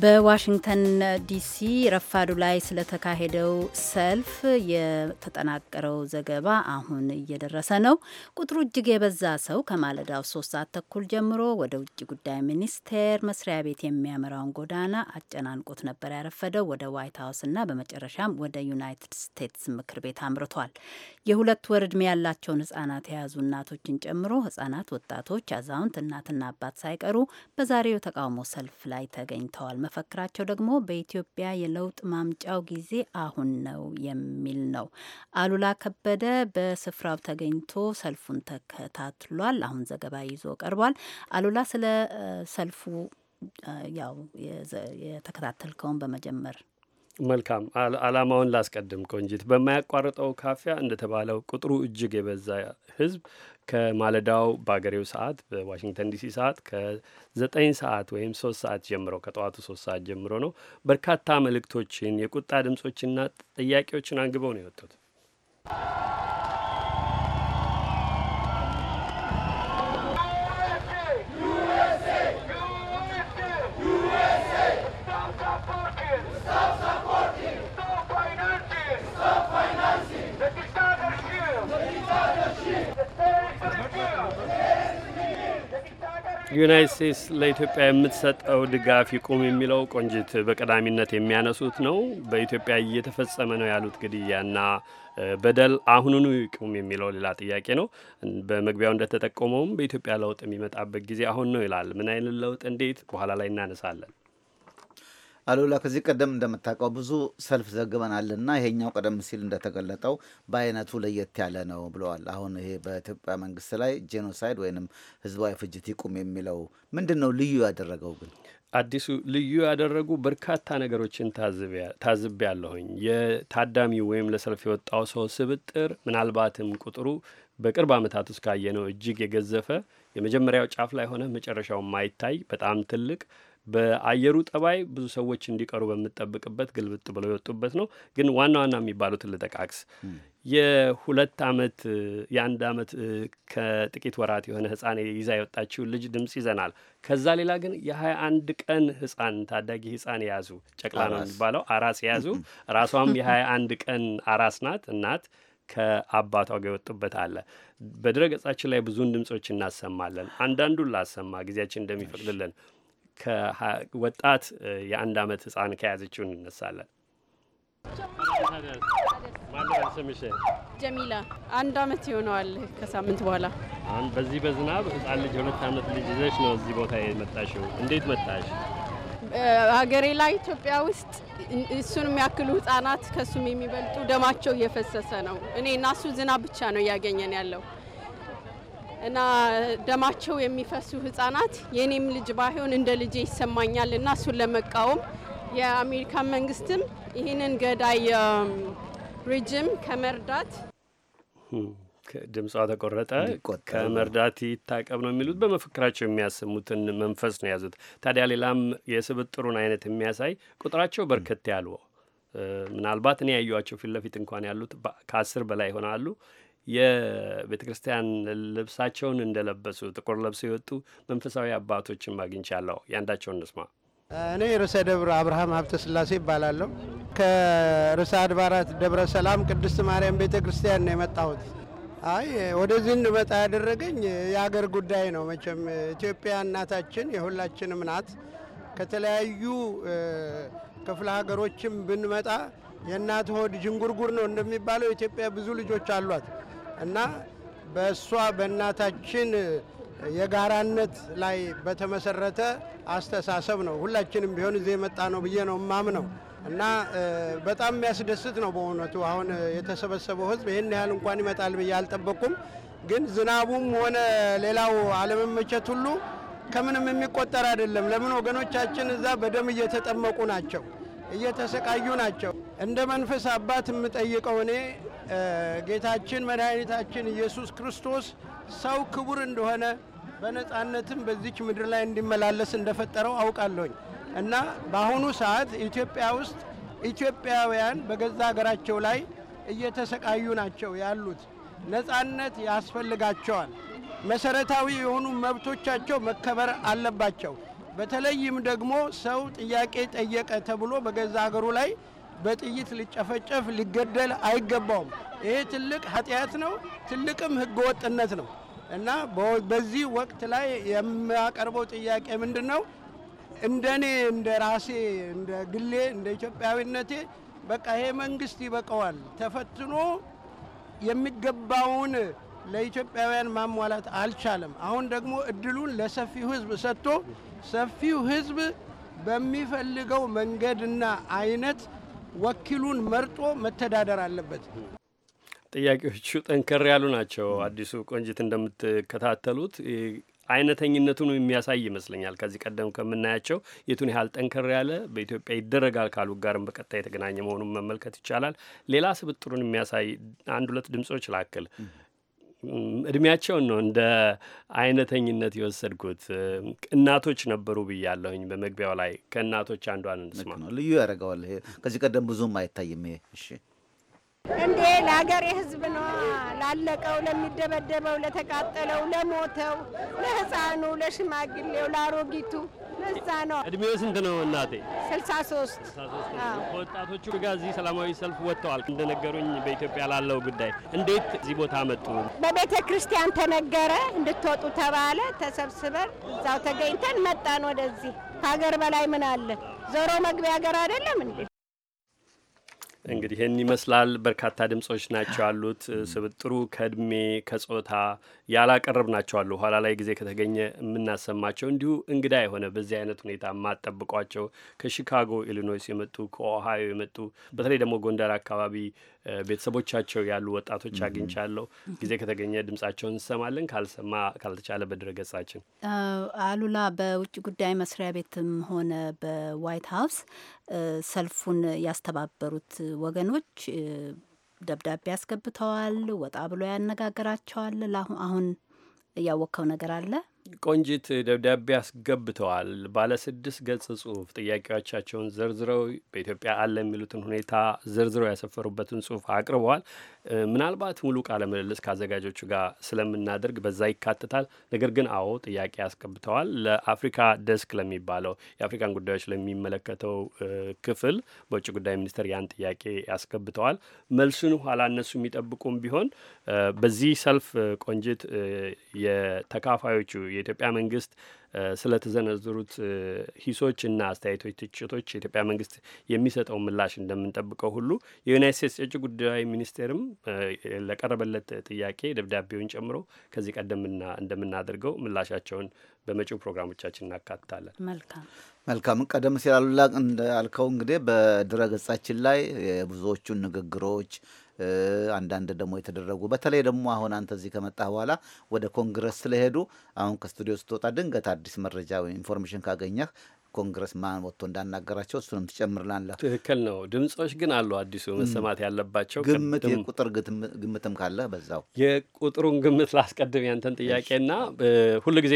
በዋሽንግተን ዲሲ ረፋዱ ላይ ስለተካሄደው ሰልፍ የተጠናቀረው ዘገባ አሁን እየደረሰ ነው። ቁጥሩ እጅግ የበዛ ሰው ከማለዳው ሶስት ሰዓት ተኩል ጀምሮ ወደ ውጭ ጉዳይ ሚኒስቴር መስሪያ ቤት የሚያመራውን ጎዳና አጨናንቆት ነበር ያረፈደው። ወደ ዋይት ሀውስ እና በመጨረሻም ወደ ዩናይትድ ስቴትስ ምክር ቤት አምርቷል። የሁለት ወር እድሜ ያላቸውን ህጻናት የያዙ እናቶችን ጨምሮ ህጻናት፣ ወጣቶች፣ አዛውንት እናትና አባት ሳይቀሩ በዛሬው ተቃውሞ ሰልፍ ላይ ተገኝተዋል። መፈክራቸው ደግሞ በኢትዮጵያ የለውጥ ማምጫው ጊዜ አሁን ነው የሚል ነው። አሉላ ከበደ በስፍራው ተገኝቶ ሰልፉን ተከታትሏል። አሁን ዘገባ ይዞ ቀርቧል። አሉላ ስለ ሰልፉ ያው የተከታተልከውን በመጀመር መልካም አላማውን ላስቀድም። ቆንጂት በማያቋርጠው ካፊያ እንደተባለው ቁጥሩ እጅግ የበዛ ህዝብ። ከማለዳው በአገሬው ሰዓት በዋሽንግተን ዲሲ ሰዓት ከዘጠኝ ሰዓት ወይም ሶስት ሰዓት ጀምሮ ከጠዋቱ ሶስት ሰዓት ጀምሮ ነው። በርካታ መልእክቶችን የቁጣ ድምጾችና ጥያቄዎችን አንግበው ነው የወጡት። ዩናይት ስቴትስ ለኢትዮጵያ የምትሰጠው ድጋፍ ይቁም የሚለው ቆንጅት በቀዳሚነት የሚያነሱት ነው። በኢትዮጵያ እየተፈጸመ ነው ያሉት ግድያና በደል አሁኑኑ ይቁም የሚለው ሌላ ጥያቄ ነው። በመግቢያው እንደተጠቆመውም በኢትዮጵያ ለውጥ የሚመጣበት ጊዜ አሁን ነው ይላል። ምን አይነት ለውጥ? እንዴት? በኋላ ላይ እናነሳለን። አሉላ ከዚህ ቀደም እንደምታውቀው ብዙ ሰልፍ ዘግበናልና ይሄኛው ቀደም ሲል እንደተገለጠው በአይነቱ ለየት ያለ ነው ብለዋል። አሁን ይሄ በኢትዮጵያ መንግስት ላይ ጄኖሳይድ ወይንም ህዝባዊ ፍጅት ይቁም የሚለው ምንድን ነው ልዩ ያደረገው ግን? አዲሱ ልዩ ያደረጉ በርካታ ነገሮችን ታዝብ ያለሁኝ የታዳሚ ወይም ለሰልፍ የወጣው ሰው ስብጥር ምናልባትም ቁጥሩ በቅርብ ዓመታት ውስጥ ካየነው እጅግ የገዘፈ የመጀመሪያው ጫፍ ላይ ሆነ መጨረሻው ማይታይ በጣም ትልቅ በአየሩ ጠባይ ብዙ ሰዎች እንዲቀሩ በምጠብቅበት ግልብጥ ብለው የወጡበት ነው። ግን ዋና ዋና የሚባሉትን ልጠቃቅስ። የሁለት ዓመት የአንድ ዓመት ከጥቂት ወራት የሆነ ህፃን ይዛ የወጣችው ልጅ ድምፅ ይዘናል። ከዛ ሌላ ግን የሀያ አንድ ቀን ህፃን ታዳጊ ህፃን የያዙ ጨቅላ ነው የሚባለው አራስ የያዙ <laughs> ራሷም የሀያ አንድ ቀን አራስ ናት እናት ከአባቷ ጋር የወጡበት አለ። በድረ ገጻችን ላይ ብዙውን ድምጾች እናሰማለን። አንዳንዱን ላሰማ ጊዜያችን እንደሚፈቅድልን ወጣት የአንድ አመት ህፃን ከያዘችው እንነሳለን። ጀሚላ አንድ አመት ይሆነዋል ከሳምንት በኋላ። አሁን በዚህ በዝናብ ህፃን ልጅ ሁለት አመት ልጅ ይዘሽ ነው እዚህ ቦታ የመጣሽው። እንዴት መጣሽ? ሀገሬ ላይ ኢትዮጵያ ውስጥ እሱን የሚያክሉ ህጻናት ከሱም የሚበልጡ ደማቸው እየፈሰሰ ነው። እኔ እና እሱ ዝናብ ብቻ ነው እያገኘን ያለው እና ደማቸው የሚፈሱ ህጻናት የኔም ልጅ ባይሆን እንደ ልጄ ይሰማኛል እና እሱን ለመቃወም የአሜሪካን መንግስትም ይህንን ገዳይ ሬጅም ከመርዳት ድምጿ ተቆረጠ ከመርዳት ይታቀብ ነው የሚሉት በመፈክራቸው የሚያሰሙትን መንፈስ ነው የያዙት። ታዲያ ሌላም የስብጥሩን አይነት የሚያሳይ ቁጥራቸው በርከት ያሉ ምናልባት እኔ ያዩቸው ፊት ለፊት እንኳን ያሉት ከአስር በላይ ይሆናሉ። የቤተ ክርስቲያን ልብሳቸውን እንደለበሱ ጥቁር ለብሰው የወጡ መንፈሳዊ አባቶችን አግኝቻለሁ። ያንዳቸውን እንስማ። እኔ ርዕሰ ደብር አብርሃም ሀብተ ስላሴ ይባላለሁ። ከርዕሰ አድባራት ደብረ ሰላም ቅድስት ማርያም ቤተ ክርስቲያን ነው የመጣሁት። አይ ወደዚህ እንድመጣ ያደረገኝ የአገር ጉዳይ ነው። መቼም ኢትዮጵያ እናታችን የሁላችንም ናት። ከተለያዩ ክፍለ ሀገሮችም ብንመጣ የእናት ሆድ ዥንጉርጉር ነው እንደሚባለው ኢትዮጵያ ብዙ ልጆች አሏት። እና በእሷ በእናታችን የጋራነት ላይ በተመሰረተ አስተሳሰብ ነው ሁላችንም ቢሆን እዚህ የመጣ ነው ብዬ ነው የማምነው። እና በጣም የሚያስደስት ነው በእውነቱ። አሁን የተሰበሰበው ህዝብ ይህን ያህል እንኳን ይመጣል ብዬ አልጠበቁም። ግን ዝናቡም ሆነ ሌላው አለመመቸት ሁሉ ከምንም የሚቆጠር አይደለም። ለምን ወገኖቻችን እዛ በደም እየተጠመቁ ናቸው። እየተሰቃዩ ናቸው። እንደ መንፈስ አባት የምጠይቀው እኔ ጌታችን መድኃኒታችን ኢየሱስ ክርስቶስ ሰው ክቡር እንደሆነ በነጻነትም በዚች ምድር ላይ እንዲመላለስ እንደፈጠረው አውቃለሁኝ እና በአሁኑ ሰዓት ኢትዮጵያ ውስጥ ኢትዮጵያውያን በገዛ ሀገራቸው ላይ እየተሰቃዩ ናቸው ያሉት። ነጻነት ያስፈልጋቸዋል። መሰረታዊ የሆኑ መብቶቻቸው መከበር አለባቸው። በተለይም ደግሞ ሰው ጥያቄ ጠየቀ ተብሎ በገዛ ሀገሩ ላይ በጥይት ሊጨፈጨፍ ሊገደል አይገባውም። ይሄ ትልቅ ኃጢአት ነው፣ ትልቅም ህገወጥነት ነው እና በዚህ ወቅት ላይ የሚያቀርበው ጥያቄ ምንድን ነው? እንደኔ እንደ ራሴ እንደ ግሌ እንደ ኢትዮጵያዊነቴ በቃ ይሄ መንግስት ይበቀዋል፣ ተፈትኖ የሚገባውን ለኢትዮጵያውያን ማሟላት አልቻለም። አሁን ደግሞ እድሉን ለሰፊው ህዝብ ሰጥቶ ሰፊው ህዝብ በሚፈልገው መንገድና አይነት ወኪሉን መርጦ መተዳደር አለበት። ጥያቄዎቹ ጠንከር ያሉ ናቸው። አዲሱ ቆንጅት እንደምትከታተሉት አይነተኝነቱን የሚያሳይ ይመስለኛል። ከዚህ ቀደም ከምናያቸው የቱን ያህል ጠንከር ያለ በኢትዮጵያ ይደረጋል ካሉ ጋርም በቀጣይ የተገናኘ መሆኑን መመልከት ይቻላል። ሌላ ስብጥሩን የሚያሳይ አንድ ሁለት ድምጾች ላክል እድሜያቸውን ነው እንደ አይነተኝነት የወሰድኩት። እናቶች ነበሩ ብያለሁኝ በመግቢያው ላይ። ከእናቶች አንዷን እንስማ። ልዩ ያደርገዋል። ከዚህ ቀደም ብዙም አይታይም። እሺ እንዴ ለሀገሬ ሕዝብ ነዋ ላለቀው፣ ለሚደበደበው፣ ለተቃጠለው፣ ለሞተው፣ ለህፃኑ፣ ለሽማግሌው፣ ለአሮጊቱ እዛ ነው። እድሜው ስንት ነው እናቴ? ስልሳ ሶስት ጋር እዚህ ሰላማዊ ሰልፍ ወጥተዋል። እንደነገሩኝ በኢትዮጵያ ላለው ጉዳይ እንዴት እዚህ ቦታ መጡ? በቤተ ክርስቲያን ተነገረ እንድትወጡ ተባለ። ተሰብስበን እዛው ተገኝተን መጣን ወደዚህ። ከሀገር በላይ ምን አለ? ዞሮ መግቢያ ሀገር አይደለም እንዴ? እንግዲህ ይህን ይመስላል። በርካታ ድምጾች ናቸው ያሉት። ስብጥሩ ከእድሜ ከጾታ ያላቀረብናቸው አሉ። ኋላ ላይ ጊዜ ከተገኘ የምናሰማቸው እንዲሁ እንግዳ የሆነ በዚህ አይነት ሁኔታ የማጠብቋቸው ከሺካጎ ኢሊኖይስ የመጡ ከኦሃዮ የመጡ በተለይ ደግሞ ጎንደር አካባቢ ቤተሰቦቻቸው ያሉ ወጣቶች አግኝቻለሁ። ጊዜ ከተገኘ ድምጻቸውን እንሰማለን። ካልሰማ ካልተቻለ በድረገጻችን አሉላ በውጭ ጉዳይ መስሪያ ቤትም ሆነ በዋይት ሀውስ ሰልፉን ያስተባበሩት ወገኖች ደብዳቤ አስገብተዋል። ወጣ ብሎ ያነጋግራቸዋል። አሁን እያወቀው ነገር አለ ቆንጂት ደብዳቤ አስገብተዋል። ባለ ስድስት ገጽ ጽሁፍ ጥያቄዎቻቸውን ዘርዝረው በኢትዮጵያ አለ የሚሉትን ሁኔታ ዘርዝረው ያሰፈሩበትን ጽሁፍ አቅርበዋል። ምናልባት ሙሉ ቃለ ምልልስ ከአዘጋጆቹ ጋር ስለምናደርግ በዛ ይካተታል። ነገር ግን አዎ ጥያቄ ያስቀብተዋል። ለአፍሪካ ደስክ ለሚባለው የአፍሪካን ጉዳዮች ለሚመለከተው ክፍል በውጭ ጉዳይ ሚኒስቴር ያን ጥያቄ ያስገብተዋል። መልሱን ኋላ እነሱ የሚጠብቁም ቢሆን በዚህ ሰልፍ ቆንጅት የተካፋዮቹ የኢትዮጵያ መንግስት ስለተዘነዘሩት ሂሶች እና አስተያየቶች፣ ትችቶች የኢትዮጵያ መንግስት የሚሰጠው ምላሽ እንደምንጠብቀው ሁሉ የዩናይት ስቴትስ የውጭ ጉዳይ ሚኒስቴርም ለቀረበለት ጥያቄ ደብዳቤውን ጨምሮ ከዚህ ቀደም እንደምናደርገው ምላሻቸውን በመጪው ፕሮግራሞቻችን እናካትታለን። መልካም መልካም። ቀደም ሲል አሉላ እንዳልከው እንግዲህ በድረ ገጻችን ላይ የብዙዎቹን ንግግሮች አንዳንድ ደግሞ የተደረጉ በተለይ ደግሞ አሁን አንተ እዚህ ከመጣህ በኋላ ወደ ኮንግረስ ስለሄዱ አሁን ከስቱዲዮ ስትወጣ ድንገት አዲስ መረጃ ወይም ኢንፎርሜሽን ካገኘህ ኮንግረስ ማን ወጥቶ እንዳናገራቸው እሱንም ትጨምርላለህ። ትክክል ነው። ድምጾች ግን አሉ አዲሱ መሰማት ያለባቸው ግምት የቁጥር ግምትም ካለ በዛው የቁጥሩን ግምት ላስቀድም ያንተን ጥያቄና ሁሉ ጊዜ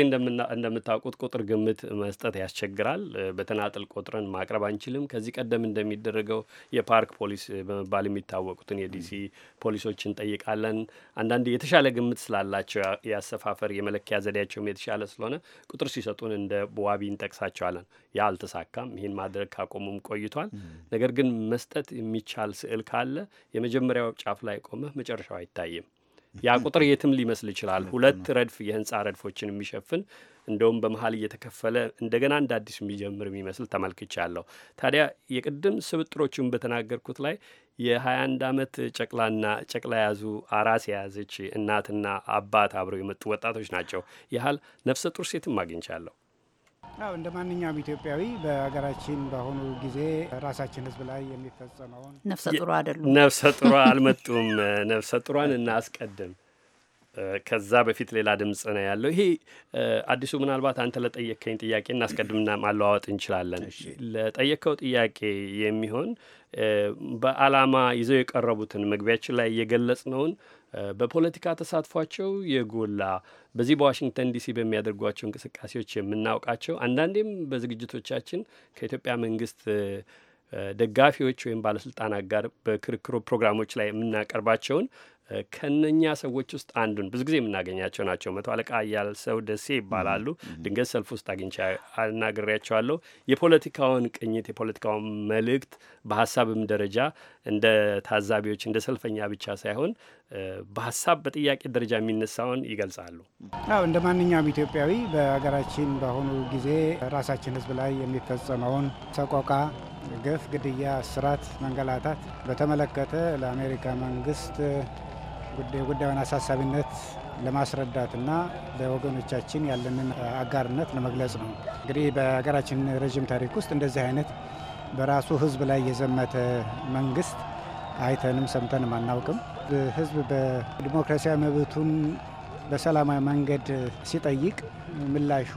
እንደምታውቁት ቁጥር ግምት መስጠት ያስቸግራል። በተናጥል ቁጥርን ማቅረብ አንችልም። ከዚህ ቀደም እንደሚደረገው የፓርክ ፖሊስ በመባል የሚታወቁትን የዲሲ ፖሊሶች እንጠይቃለን። አንዳንድ የተሻለ ግምት ስላላቸው ያሰፋፈር የመለኪያ ዘዴያቸውም የተሻለ ስለሆነ ቁጥር ሲሰጡን እንደ ዋቢ እንጠቅሳቸዋለን። ያ አልተሳካም። ይህን ማድረግ ካቆሙም ቆይቷል። ነገር ግን መስጠት የሚቻል ስዕል ካለ የመጀመሪያው ጫፍ ላይ ቆመህ መጨረሻው አይታይም። ያ ቁጥር የትም ሊመስል ይችላል። ሁለት ረድፍ የህንፃ ረድፎችን የሚሸፍን እንደውም በመሀል እየተከፈለ እንደገና እንደ አዲስ የሚጀምር የሚመስል ተመልክቻለሁ። ታዲያ የቅድም ስብጥሮቹን በተናገርኩት ላይ የ21 ዓመት ጨቅላና ጨቅላ የያዙ አራስ የያዘች እናትና አባት አብረው የመጡ ወጣቶች ናቸው ያህል ነፍሰ ጡር ሴትም አግኝቻለሁ። አዎ እንደ ማንኛውም ኢትዮጵያዊ በሀገራችን በአሁኑ ጊዜ ራሳችን ህዝብ ላይ የሚፈጸመውን ነፍሰ ጥሩ አይደሉም። ነፍሰ ጥሩ አልመጡም። <laughs> ነፍሰ ጥሯን እናስቀድም። ከዛ በፊት ሌላ ድምፅ ነው ያለው። ይሄ አዲሱ ምናልባት አንተ ለጠየከኝ ጥያቄ እናስቀድምና ማለዋወጥ እንችላለን። ለጠየከው ጥያቄ የሚሆን በዓላማ ይዘው የቀረቡትን መግቢያችን ላይ የገለጽ ነውን በፖለቲካ ተሳትፏቸው የጎላ በዚህ በዋሽንግተን ዲሲ በሚያደርጓቸው እንቅስቃሴዎች የምናውቃቸው አንዳንዴም በዝግጅቶቻችን ከኢትዮጵያ መንግስት ደጋፊዎች ወይም ባለስልጣናት ጋር በክርክሮ ፕሮግራሞች ላይ የምናቀርባቸውን ከነኛ ሰዎች ውስጥ አንዱን ብዙ ጊዜ የምናገኛቸው ናቸው። መቶ አለቃ ሰው ደሴ ይባላሉ። ድንገት ሰልፍ ውስጥ አግኝቻ አናግሬያቸዋለሁ። የፖለቲካውን ቅኝት፣ የፖለቲካውን መልእክት በሀሳብም ደረጃ እንደ ታዛቢዎች እንደ ሰልፈኛ ብቻ ሳይሆን በሀሳብ በጥያቄ ደረጃ የሚነሳውን ይገልጻሉ። አዎ እንደ ማንኛውም ኢትዮጵያዊ በሀገራችን በአሁኑ ጊዜ ራሳችን ህዝብ ላይ የሚፈጸመውን ሰቆቃ፣ ግፍ፣ ግድያ፣ እስራት፣ መንገላታት በተመለከተ ለአሜሪካ መንግስት ጉዳዩን አሳሳቢነት ለማስረዳትና ለወገኖቻችን ያለንን አጋርነት ለመግለጽ ነው። እንግዲህ በሀገራችን ረዥም ታሪክ ውስጥ እንደዚህ አይነት በራሱ ህዝብ ላይ የዘመተ መንግስት አይተንም ሰምተንም አናውቅም። ህዝብ በዲሞክራሲያዊ መብቱን በሰላማዊ መንገድ ሲጠይቅ ምላሹ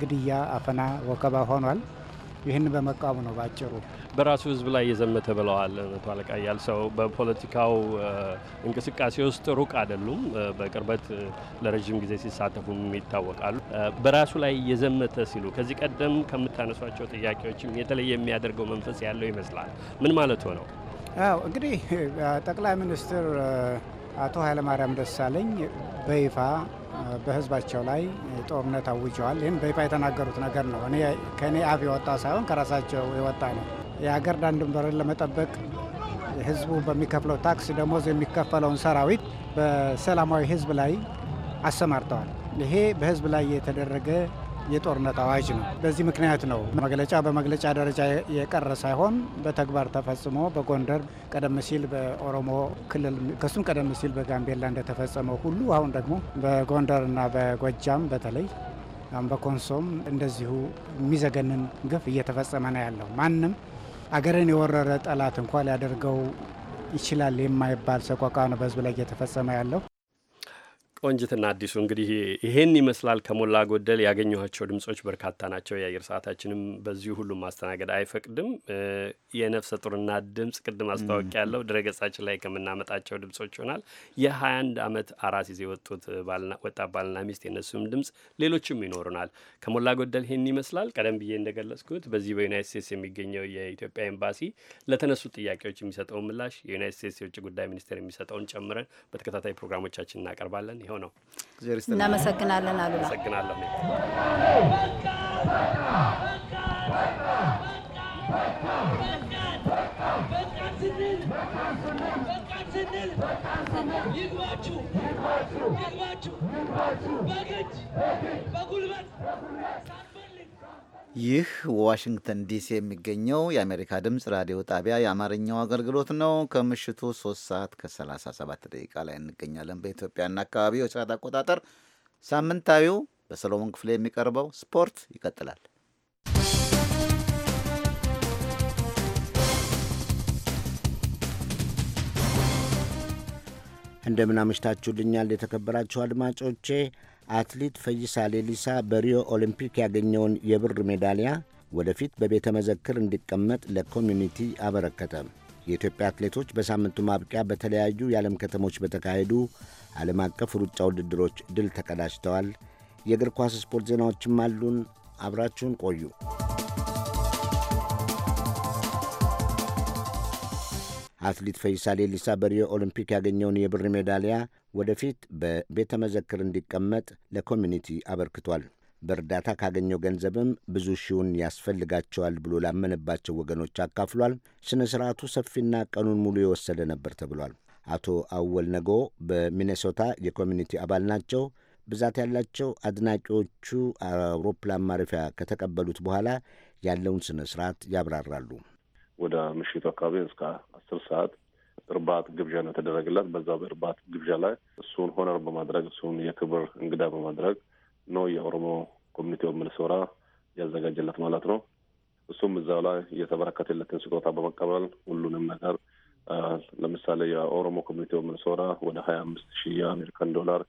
ግድያ፣ አፈና፣ ወከባ ሆኗል። ይህን በመቃወሙ ነው ባጭሩ። በራሱ ህዝብ ላይ የዘመተ ብለዋል መቶ አለቃ እያል ሰው በፖለቲካው እንቅስቃሴ ውስጥ ሩቅ አይደሉም። በቅርበት ለረዥም ጊዜ ሲሳተፉም ይታወቃሉ። በራሱ ላይ የዘመተ ሲሉ ከዚህ ቀደም ከምታነሷቸው ጥያቄዎችም የተለየ የሚያደርገው መንፈስ ያለው ይመስላል። ምን ማለት ሆነው? አዎ እንግዲህ ጠቅላይ ሚኒስትር አቶ ኃይለማርያም ደሳለኝ በይፋ በህዝባቸው ላይ ጦርነት አውጀዋል። ይህም በይፋ የተናገሩት ነገር ነው። እኔ ከእኔ አፍ የወጣ ሳይሆን ከራሳቸው የወጣ ነው። የሀገር ዳር ድንበርን ለመጠበቅ ህዝቡ በሚከፍለው ታክስ ደሞዝ የሚከፈለውን ሰራዊት በሰላማዊ ህዝብ ላይ አሰማርተዋል። ይሄ በህዝብ ላይ የተደረገ የጦርነት አዋጅ ነው። በዚህ ምክንያት ነው መግለጫ በመግለጫ ደረጃ የቀረ ሳይሆን በተግባር ተፈጽሞ በጎንደር ቀደም ሲል በኦሮሞ ክልል ከሱም ቀደም ሲል በጋምቤላ እንደተፈጸመው ሁሉ አሁን ደግሞ በጎንደርና በጎጃም በተለይ በኮንሶም እንደዚሁ የሚዘገንን ግፍ እየተፈጸመ ነው ያለው። ማንም አገርን የወረረ ጠላት እንኳ ሊያደርገው ይችላል የማይባል ሰቆቃ ነው በህዝብ ላይ እየተፈጸመ ያለው። ቆንጅትና አዲሱ እንግዲህ ይሄን ይመስላል ከሞላ ጎደል ያገኘኋቸው ድምጾች በርካታ ናቸው። የአየር ሰዓታችንም በዚሁ ሁሉም ማስተናገድ አይፈቅድም። የነፍሰ ጡርና ድምጽ ቅድም አስታወቂ ያለው ድረገጻችን ላይ ከምናመጣቸው ድምጾች ይሆናል። የ21 ዓመት አራስ ይዜ ወጡት ወጣት ባልና ሚስት የነሱም ድምጽ ሌሎችም ይኖሩናል። ከሞላ ጎደል ይሄን ይመስላል። ቀደም ብዬ እንደገለጽኩት በዚህ በዩናይት ስቴትስ የሚገኘው የኢትዮጵያ ኤምባሲ ለተነሱ ጥያቄዎች የሚሰጠውን ምላሽ የዩናይት ስቴትስ የውጭ ጉዳይ ሚኒስቴር የሚሰጠውን ጨምረን በተከታታይ ፕሮግራሞቻችን እናቀርባለን። ይኸው ነው። እናመሰግናለን አሉላ። አመሰግናለሁ። ይግባችሁ በግድ በጉልበት ይህ ዋሽንግተን ዲሲ የሚገኘው የአሜሪካ ድምፅ ራዲዮ ጣቢያ የአማርኛው አገልግሎት ነው። ከምሽቱ 3 ሰዓት ከ37 ደቂቃ ላይ እንገኛለን በኢትዮጵያና አካባቢው የሰዓት አቆጣጠር። ሳምንታዊው በሰሎሞን ክፍሌ የሚቀርበው ስፖርት ይቀጥላል። እንደምን አመሽታችሁልኛል የተከበራችሁ አድማጮቼ። አትሌት ፈይሳ ሌሊሳ በሪዮ ኦሊምፒክ ያገኘውን የብር ሜዳሊያ ወደፊት በቤተ መዘክር እንዲቀመጥ ለኮሚኒቲ አበረከተ። የኢትዮጵያ አትሌቶች በሳምንቱ ማብቂያ በተለያዩ የዓለም ከተሞች በተካሄዱ ዓለም አቀፍ ሩጫ ውድድሮች ድል ተቀዳጅተዋል። የእግር ኳስ ስፖርት ዜናዎችም አሉን። አብራችሁን ቆዩ። አትሌት ፈይሳ ሌሊሳ በሪዮ ኦሎምፒክ ያገኘውን የብር ሜዳሊያ ወደፊት በቤተ መዘክር እንዲቀመጥ ለኮሚኒቲ አበርክቷል። በእርዳታ ካገኘው ገንዘብም ብዙ ሺውን ያስፈልጋቸዋል ብሎ ላመነባቸው ወገኖች አካፍሏል። ሥነ ሥርዓቱ ሰፊና ቀኑን ሙሉ የወሰደ ነበር ተብሏል። አቶ አወል ነጎ በሚኔሶታ የኮሚኒቲ አባል ናቸው። ብዛት ያላቸው አድናቂዎቹ አውሮፕላን ማረፊያ ከተቀበሉት በኋላ ያለውን ሥነ ሥርዓት ያብራራሉ። ወደ ምሽቱ አካባቢ እስከ አስር ሰዓት እርባት ግብዣ ነው የተደረገላት። በዛ በእርባት ግብዣ ላይ እሱን ሆነር በማድረግ እሱን የክብር እንግዳ በማድረግ ነው የኦሮሞ ኮሚኒቲ ወምል ያዘጋጀለት ማለት ነው። እሱም እዛው ላይ የተበረከተለትን ስጦታ በመቀበል ሁሉንም ነገር ለምሳሌ የኦሮሞ ኮሚኒቲ ወምል ወደ ሀያ አምስት ሺህ የአሜሪካን ዶላር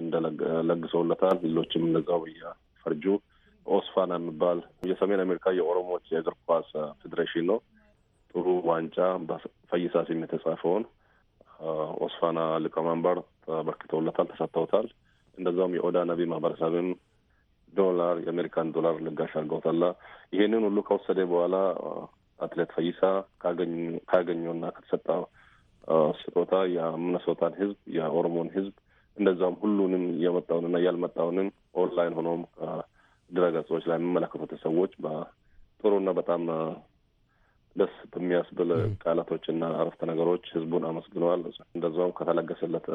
እንደለግሰውለታል። ሌሎችም እነዛው በየፈርጁ ኦስፋና የሚባል የሰሜን አሜሪካ የኦሮሞዎች የእግር ኳስ ፌዴሬሽን ነው። ጥሩ ዋንጫ በፈይሳ ሲም የተጻፈውን ኦስፋና ሊቀመንበር በርክተውለታል፣ ተሰጥተውታል። እንደዛውም የኦዳ ነቢ ማህበረሰብም ዶላር የአሜሪካን ዶላር ልጋሽ አድርገውታላ። ይሄንን ሁሉ ከወሰደ በኋላ አትሌት ፈይሳ ካገኘውና ከተሰጣ ስጦታ የምነሶታን ህዝብ፣ የኦሮሞን ህዝብ እንደዛውም ሁሉንም የመጣውንና ያልመጣውንም ኦንላይን ሆኖም ድረገጾች ላይ የሚመለከቱትን ሰዎች በጥሩና በጣም ደስ በሚያስብል ቃላቶችና አረፍተ ነገሮች ህዝቡን አመስግነዋል። እንደዛውም ከተለገሰለት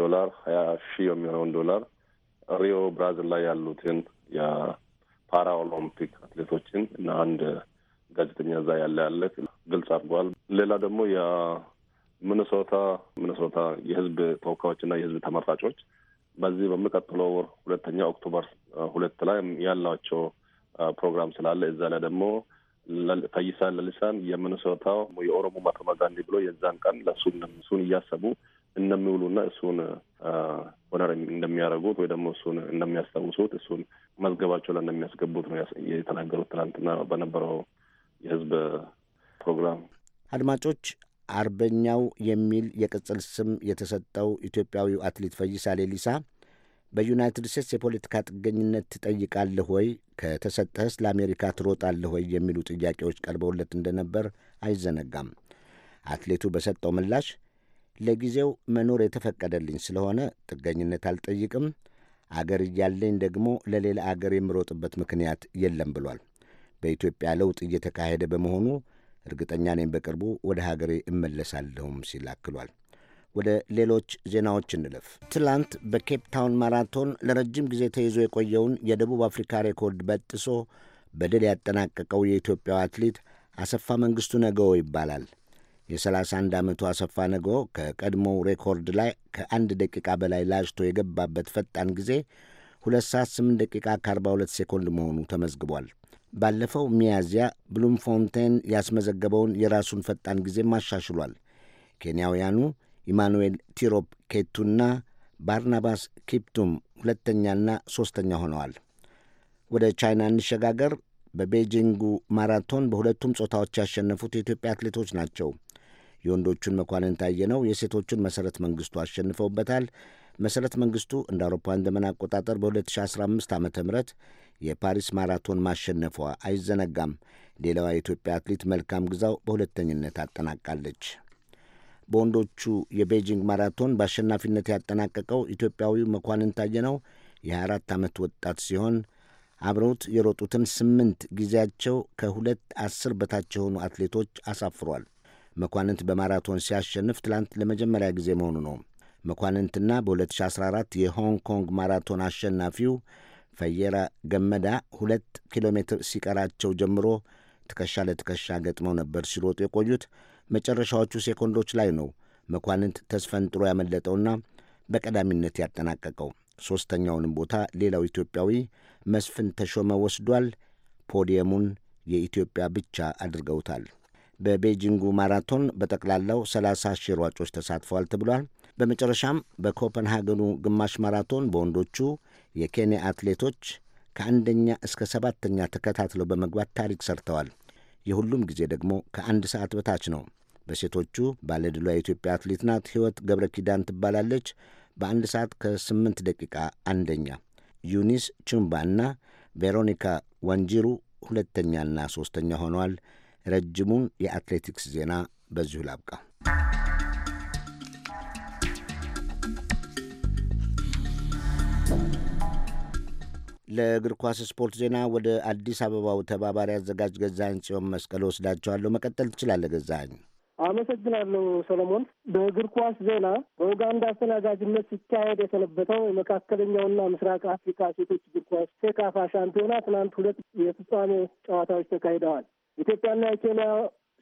ዶላር ሀያ ሺህ የሚሆነውን ዶላር ሪዮ ብራዚል ላይ ያሉትን የፓራ ኦሎምፒክ አትሌቶችን እና አንድ ጋዜጠኛ እዛ ያለ ያለ ግልጽ አድርጓል። ሌላ ደግሞ የምንሶታ ምንሶታ የህዝብ ተወካዮችና የህዝብ ተመራጮች በዚህ በሚቀጥለው ወር ሁለተኛ ኦክቶበር ሁለት ላይ ያላቸው ፕሮግራም ስላለ እዛ ላይ ደግሞ ፈይሳ ለልሳን የምንሰታው የኦሮሞ ማህተመ ጋንዲ ብሎ የዛን ቀን ለእሱን እያሰቡ እንደሚውሉና እሱን ሆነር እንደሚያደርጉት ወይ ደግሞ እሱን እንደሚያስታውሱት እሱን መዝገባቸው ላይ እንደሚያስገቡት ነው የተናገሩት ትናንትና በነበረው የህዝብ ፕሮግራም። አድማጮች አርበኛው የሚል የቅጽል ስም የተሰጠው ኢትዮጵያዊው አትሌት ፈይሳ ሌሊሳ በዩናይትድ ስቴትስ የፖለቲካ ጥገኝነት ትጠይቃለህ ወይ? ከተሰጠህስ ለአሜሪካ ትሮጣለህ ወይ? የሚሉ ጥያቄዎች ቀርበውለት እንደነበር አይዘነጋም። አትሌቱ በሰጠው ምላሽ ለጊዜው መኖር የተፈቀደልኝ ስለሆነ ጥገኝነት አልጠይቅም፣ አገር እያለኝ ደግሞ ለሌላ አገር የምሮጥበት ምክንያት የለም ብሏል። በኢትዮጵያ ለውጥ እየተካሄደ በመሆኑ እርግጠኛ ነኝ በቅርቡ ወደ ሀገሬ እመለሳለሁም ሲል አክሏል። ወደ ሌሎች ዜናዎች እንለፍ። ትላንት በኬፕ ታውን ማራቶን ለረጅም ጊዜ ተይዞ የቆየውን የደቡብ አፍሪካ ሬኮርድ በጥሶ በድል ያጠናቀቀው የኢትዮጵያው አትሌት አሰፋ መንግስቱ ነገዎ ይባላል። የ31 ዓመቱ አሰፋ ነገ ከቀድሞው ሬኮርድ ላይ ከአንድ ደቂቃ በላይ ላጅቶ የገባበት ፈጣን ጊዜ 2 ሰዓት 8 ደቂቃ ከ42 ሴኮንድ መሆኑ ተመዝግቧል። ባለፈው ሚያዝያ ብሉምፎንቴን ያስመዘገበውን የራሱን ፈጣን ጊዜም አሻሽሏል። ኬንያውያኑ ኢማኑኤል ቲሮፕ ኬቱና ባርናባስ ኪፕቱም ሁለተኛና ሦስተኛ ሆነዋል። ወደ ቻይና እንሸጋገር። በቤጂንጉ ማራቶን በሁለቱም ጾታዎች ያሸነፉት የኢትዮጵያ አትሌቶች ናቸው። የወንዶቹን መኳንንት አየነው፣ የሴቶቹን መሠረት መንግሥቱ አሸንፈውበታል። መሰረት መንግስቱ እንደ አውሮፓውያን ዘመን አቆጣጠር በ2015 ዓ ም የፓሪስ ማራቶን ማሸነፏ አይዘነጋም። ሌላዋ የኢትዮጵያ አትሌት መልካም ግዛው በሁለተኝነት አጠናቃለች። በወንዶቹ የቤጂንግ ማራቶን በአሸናፊነት ያጠናቀቀው ኢትዮጵያዊው መኳንን ነው የ24 ዓመት ወጣት ሲሆን አብረውት የሮጡትን ስምንት ጊዜያቸው ከሁለት አስር በታች የሆኑ አትሌቶች አሳፍሯል። መኳንንት በማራቶን ሲያሸንፍ ትላንት ለመጀመሪያ ጊዜ መሆኑ ነው። መኳንንትና በ2014 የሆንግ ኮንግ ማራቶን አሸናፊው ፈየራ ገመዳ ሁለት ኪሎ ሜትር ሲቀራቸው ጀምሮ ትከሻ ለትከሻ ገጥመው ነበር ሲሮጡ የቆዩት። መጨረሻዎቹ ሴኮንዶች ላይ ነው መኳንንት ተስፈንጥሮ ያመለጠውና በቀዳሚነት ያጠናቀቀው። ሦስተኛውንም ቦታ ሌላው ኢትዮጵያዊ መስፍን ተሾመ ወስዷል። ፖዲየሙን የኢትዮጵያ ብቻ አድርገውታል። በቤጂንጉ ማራቶን በጠቅላላው 30 ሺህ ሯጮች ተሳትፈዋል ተብሏል። በመጨረሻም በኮፐንሃገኑ ግማሽ ማራቶን በወንዶቹ የኬንያ አትሌቶች ከአንደኛ እስከ ሰባተኛ ተከታትለው በመግባት ታሪክ ሰርተዋል። የሁሉም ጊዜ ደግሞ ከአንድ ሰዓት በታች ነው። በሴቶቹ ባለድሏ የኢትዮጵያ አትሌት ናት። ሕይወት ገብረ ኪዳን ትባላለች። በአንድ ሰዓት ከስምንት ደቂቃ አንደኛ፣ ዩኒስ ቹምባ እና ቬሮኒካ ወንጂሩ ሁለተኛና ሦስተኛ ሆነዋል። ረጅሙን የአትሌቲክስ ዜና በዚሁ ላብቃ። ለእግር ኳስ ስፖርት ዜና ወደ አዲስ አበባው ተባባሪ አዘጋጅ ገዛኝ ጽዮን መስቀል ወስዳቸዋለሁ። መቀጠል ትችላለህ ገዛኝ። አመሰግናለሁ ሰለሞን። በእግር ኳስ ዜና በኡጋንዳ አስተናጋጅነት ሲካሄድ የሰነበተው የመካከለኛውና ምስራቅ አፍሪካ ሴቶች እግር ኳስ ሴካፋ ሻምፒዮና ትናንት ሁለት የፍጻሜ ጨዋታዎች ተካሂደዋል። ኢትዮጵያና የኬንያ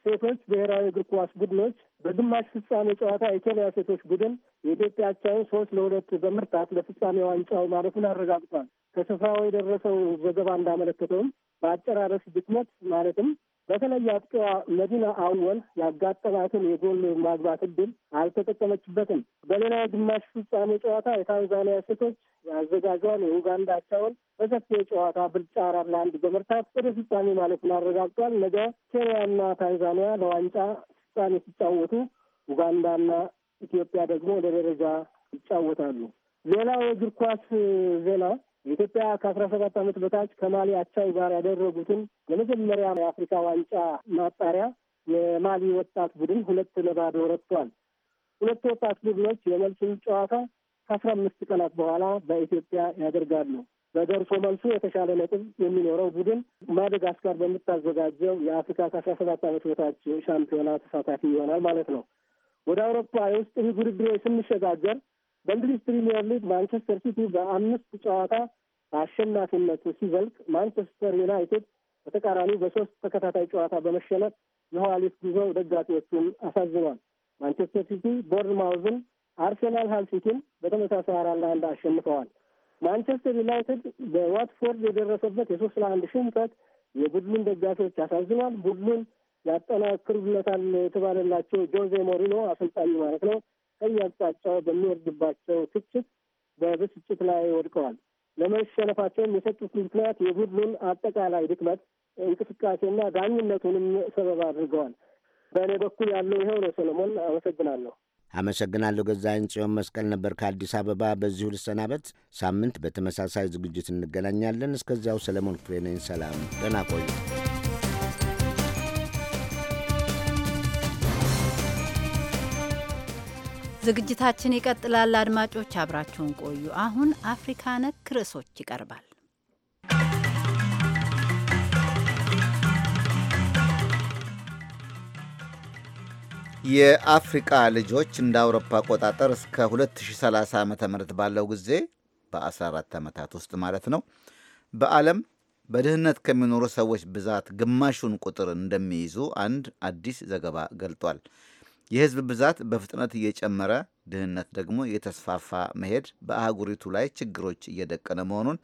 ሴቶች ብሔራዊ እግር ኳስ ቡድኖች በግማሽ ፍጻሜ ጨዋታ የኬንያ ሴቶች ቡድን የኢትዮጵያ አቻውን ሶስት ለሁለት በመርታት ለፍጻሜ ዋንጫው ማለፉን አረጋግጧል። ከስፍራው የደረሰው ዘገባ እንዳመለከተውም በአጨራረስ ድክመት ማለትም በተለይ አጥቂዋ መዲና አወል ያጋጠማትን የጎል ማግባት እድል አልተጠቀመችበትም። በሌላ የግማሽ ፍጻሜ ጨዋታ የታንዛኒያ ሴቶች የአዘጋጇን የኡጋንዳ አቻውን በሰፊ የጨዋታ ብልጫ አራት ለአንድ በመርታት ወደ ፍጻሜ ማለፉን አረጋግጧል። ነገ ኬንያና ታንዛኒያ ለዋንጫ ፍጻሜ ሲጫወቱ፣ ኡጋንዳና ኢትዮጵያ ደግሞ ለደረጃ ይጫወታሉ። ሌላው የእግር ኳስ ዜና የኢትዮጵያ ከአስራ ሰባት ዓመት በታች ከማሊ አቻው ጋር ያደረጉትን የመጀመሪያ የአፍሪካ ዋንጫ ማጣሪያ የማሊ ወጣት ቡድን ሁለት ለባዶ ረትቷል። ሁለቱ ወጣት ቡድኖች የመልሱን ጨዋታ ከአስራ አምስት ቀናት በኋላ በኢትዮጵያ ያደርጋሉ። በደርሶ መልሱ የተሻለ ነጥብ የሚኖረው ቡድን ማደጋስካር በምታዘጋጀው የአፍሪካ ከአስራ ሰባት ዓመት በታች ሻምፒዮና ተሳታፊ ይሆናል ማለት ነው። ወደ አውሮፓ የውስጥ ውድድሮች ስንሸጋገር በእንግሊዝ ፕሪሚየር ሊግ ማንቸስተር ሲቲ በአምስት ጨዋታ አሸናፊነቱ ሲዘልቅ ማንቸስተር ዩናይትድ በተቃራኒ በሶስት ተከታታይ ጨዋታ በመሸነፍ የኋሊት ጉዞው ደጋፊዎቹን አሳዝኗል። ማንቸስተር ሲቲ ቦርንማውዝን፣ አርሴናል ሃል ሲቲን በተመሳሳይ አራት ለአንድ አሸንፈዋል። ማንቸስተር ዩናይትድ በዋትፎርድ የደረሰበት የሶስት ለአንድ ሽንፈት የቡድኑን ደጋፊዎች አሳዝኗል። ቡድኑን ያጠናክሩለታል የተባለላቸው ጆዜ ሞሪኖ አሰልጣኝ ማለት ነው ከየአቅጣጫው በሚወርድባቸው ትችት በብስጭት ላይ ወድቀዋል። ለመሸነፋቸውም የሰጡት ምክንያት የቡድኑን አጠቃላይ ድክመት እንቅስቃሴና ዳኝነቱንም ሰበብ አድርገዋል። በእኔ በኩል ያለው ይኸው ነው። ሰለሞን አመሰግናለሁ። አመሰግናለሁ። ገዛኸኝ ጽዮን መስቀል ነበር ከአዲስ አበባ። በዚሁ ልሰናበት። ሳምንት በተመሳሳይ ዝግጅት እንገናኛለን። እስከዚያው ሰለሞን ክፍሌ ነኝ። ሰላም፣ ደህና ቆዩ። ዝግጅታችን ይቀጥላል። አድማጮች አብራችሁን ቆዩ። አሁን አፍሪካ ነክ ርዕሶች ይቀርባል። የአፍሪቃ ልጆች እንደ አውሮፓ አቆጣጠር እስከ 2030 ዓ ም ባለው ጊዜ በ14 ዓመታት ውስጥ ማለት ነው በዓለም በድህነት ከሚኖሩ ሰዎች ብዛት ግማሹን ቁጥር እንደሚይዙ አንድ አዲስ ዘገባ ገልጧል። የህዝብ ብዛት በፍጥነት እየጨመረ ድህነት ደግሞ የተስፋፋ መሄድ በአህጉሪቱ ላይ ችግሮች እየደቀነ መሆኑን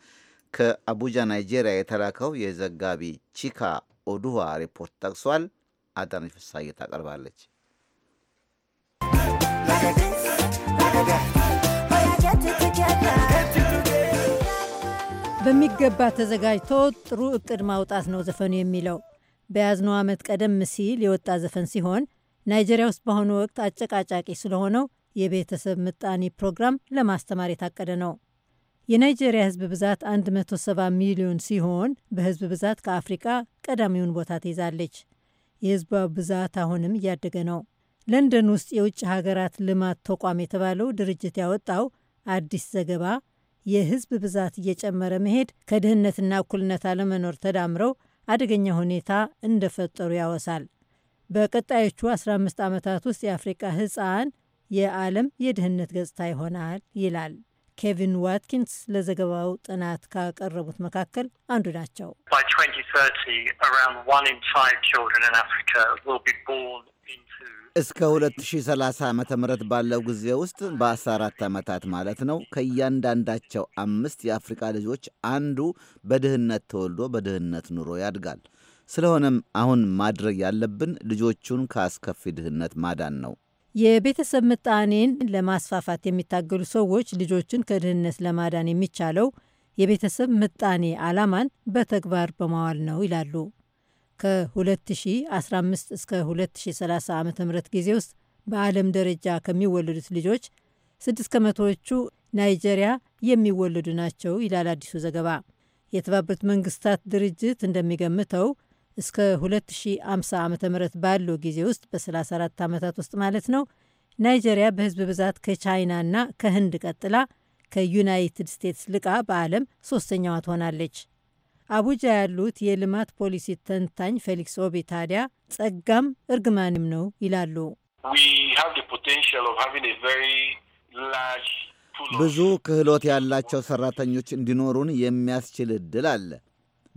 ከአቡጃ ናይጄሪያ የተላከው የዘጋቢ ቺካ ኦዱዋ ሪፖርት ጠቅሷል። አዳነች ፍሳዬ ታቀርባለች። በሚገባ ተዘጋጅቶ ጥሩ እቅድ ማውጣት ነው ዘፈኑ የሚለው። በያዝነው ዓመት ቀደም ሲል የወጣ ዘፈን ሲሆን ናይጄሪያ ውስጥ በአሁኑ ወቅት አጨቃጫቂ ስለሆነው የቤተሰብ ምጣኔ ፕሮግራም ለማስተማር የታቀደ ነው። የናይጄሪያ ህዝብ ብዛት 170 ሚሊዮን ሲሆን በህዝብ ብዛት ከአፍሪቃ ቀዳሚውን ቦታ ትይዛለች። የህዝቧ ብዛት አሁንም እያደገ ነው። ለንደን ውስጥ የውጭ ሀገራት ልማት ተቋም የተባለው ድርጅት ያወጣው አዲስ ዘገባ የህዝብ ብዛት እየጨመረ መሄድ ከድህነትና እኩልነት አለመኖር ተዳምረው አደገኛ ሁኔታ እንደፈጠሩ ያወሳል። በቀጣዮቹ 15 ዓመታት ውስጥ የአፍሪቃ ህፃን የዓለም የድህነት ገጽታ ይሆናል ይላል። ኬቪን ዋትኪንስ ለዘገባው ጥናት ካቀረቡት መካከል አንዱ ናቸው። እስከ 2030 ዓ ም ባለው ጊዜ ውስጥ በ14 ዓመታት ማለት ነው ከእያንዳንዳቸው አምስት የአፍሪቃ ልጆች አንዱ በድህነት ተወልዶ በድህነት ኑሮ ያድጋል። ስለሆነም አሁን ማድረግ ያለብን ልጆቹን ከአስከፊ ድህነት ማዳን ነው። የቤተሰብ ምጣኔን ለማስፋፋት የሚታገሉ ሰዎች ልጆችን ከድህነት ለማዳን የሚቻለው የቤተሰብ ምጣኔ ዓላማን በተግባር በማዋል ነው ይላሉ። ከ2015 እስከ 2030 ዓ ም ጊዜ ውስጥ በዓለም ደረጃ ከሚወለዱት ልጆች ስድስት ከመቶዎቹ ናይጄሪያ የሚወለዱ ናቸው ይላል አዲሱ ዘገባ። የተባበሩት መንግስታት ድርጅት እንደሚገምተው እስከ 2050 ዓ ም ባለው ጊዜ ውስጥ በ34 ዓመታት ውስጥ ማለት ነው ናይጀሪያ በህዝብ ብዛት ከቻይናና ከህንድ ቀጥላ ከዩናይትድ ስቴትስ ልቃ በዓለም ሶስተኛዋ ትሆናለች። አቡጃ ያሉት የልማት ፖሊሲ ተንታኝ ፌሊክስ ኦቢ ታዲያ ጸጋም እርግማንም ነው ይላሉ። ብዙ ክህሎት ያላቸው ሰራተኞች እንዲኖሩን የሚያስችል እድል አለ።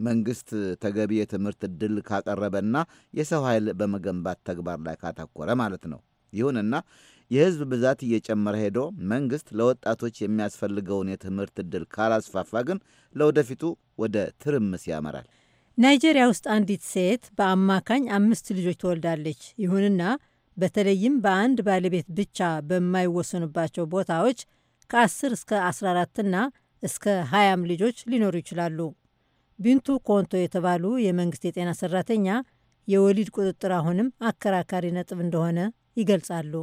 መንግስት ተገቢ የትምህርት ዕድል ካቀረበና የሰው ኃይል በመገንባት ተግባር ላይ ካተኮረ ማለት ነው። ይሁንና የህዝብ ብዛት እየጨመረ ሄዶ መንግስት ለወጣቶች የሚያስፈልገውን የትምህርት እድል ካላስፋፋ ግን ለወደፊቱ ወደ ትርምስ ያመራል። ናይጄሪያ ውስጥ አንዲት ሴት በአማካኝ አምስት ልጆች ትወልዳለች። ይሁንና በተለይም በአንድ ባለቤት ብቻ በማይወሰኑባቸው ቦታዎች ከ10 እስከ 14ና እስከ 20 ልጆች ሊኖሩ ይችላሉ። ቢንቱ ኮንቶ የተባሉ የመንግስት የጤና ሰራተኛ የወሊድ ቁጥጥር አሁንም አከራካሪ ነጥብ እንደሆነ ይገልጻሉ።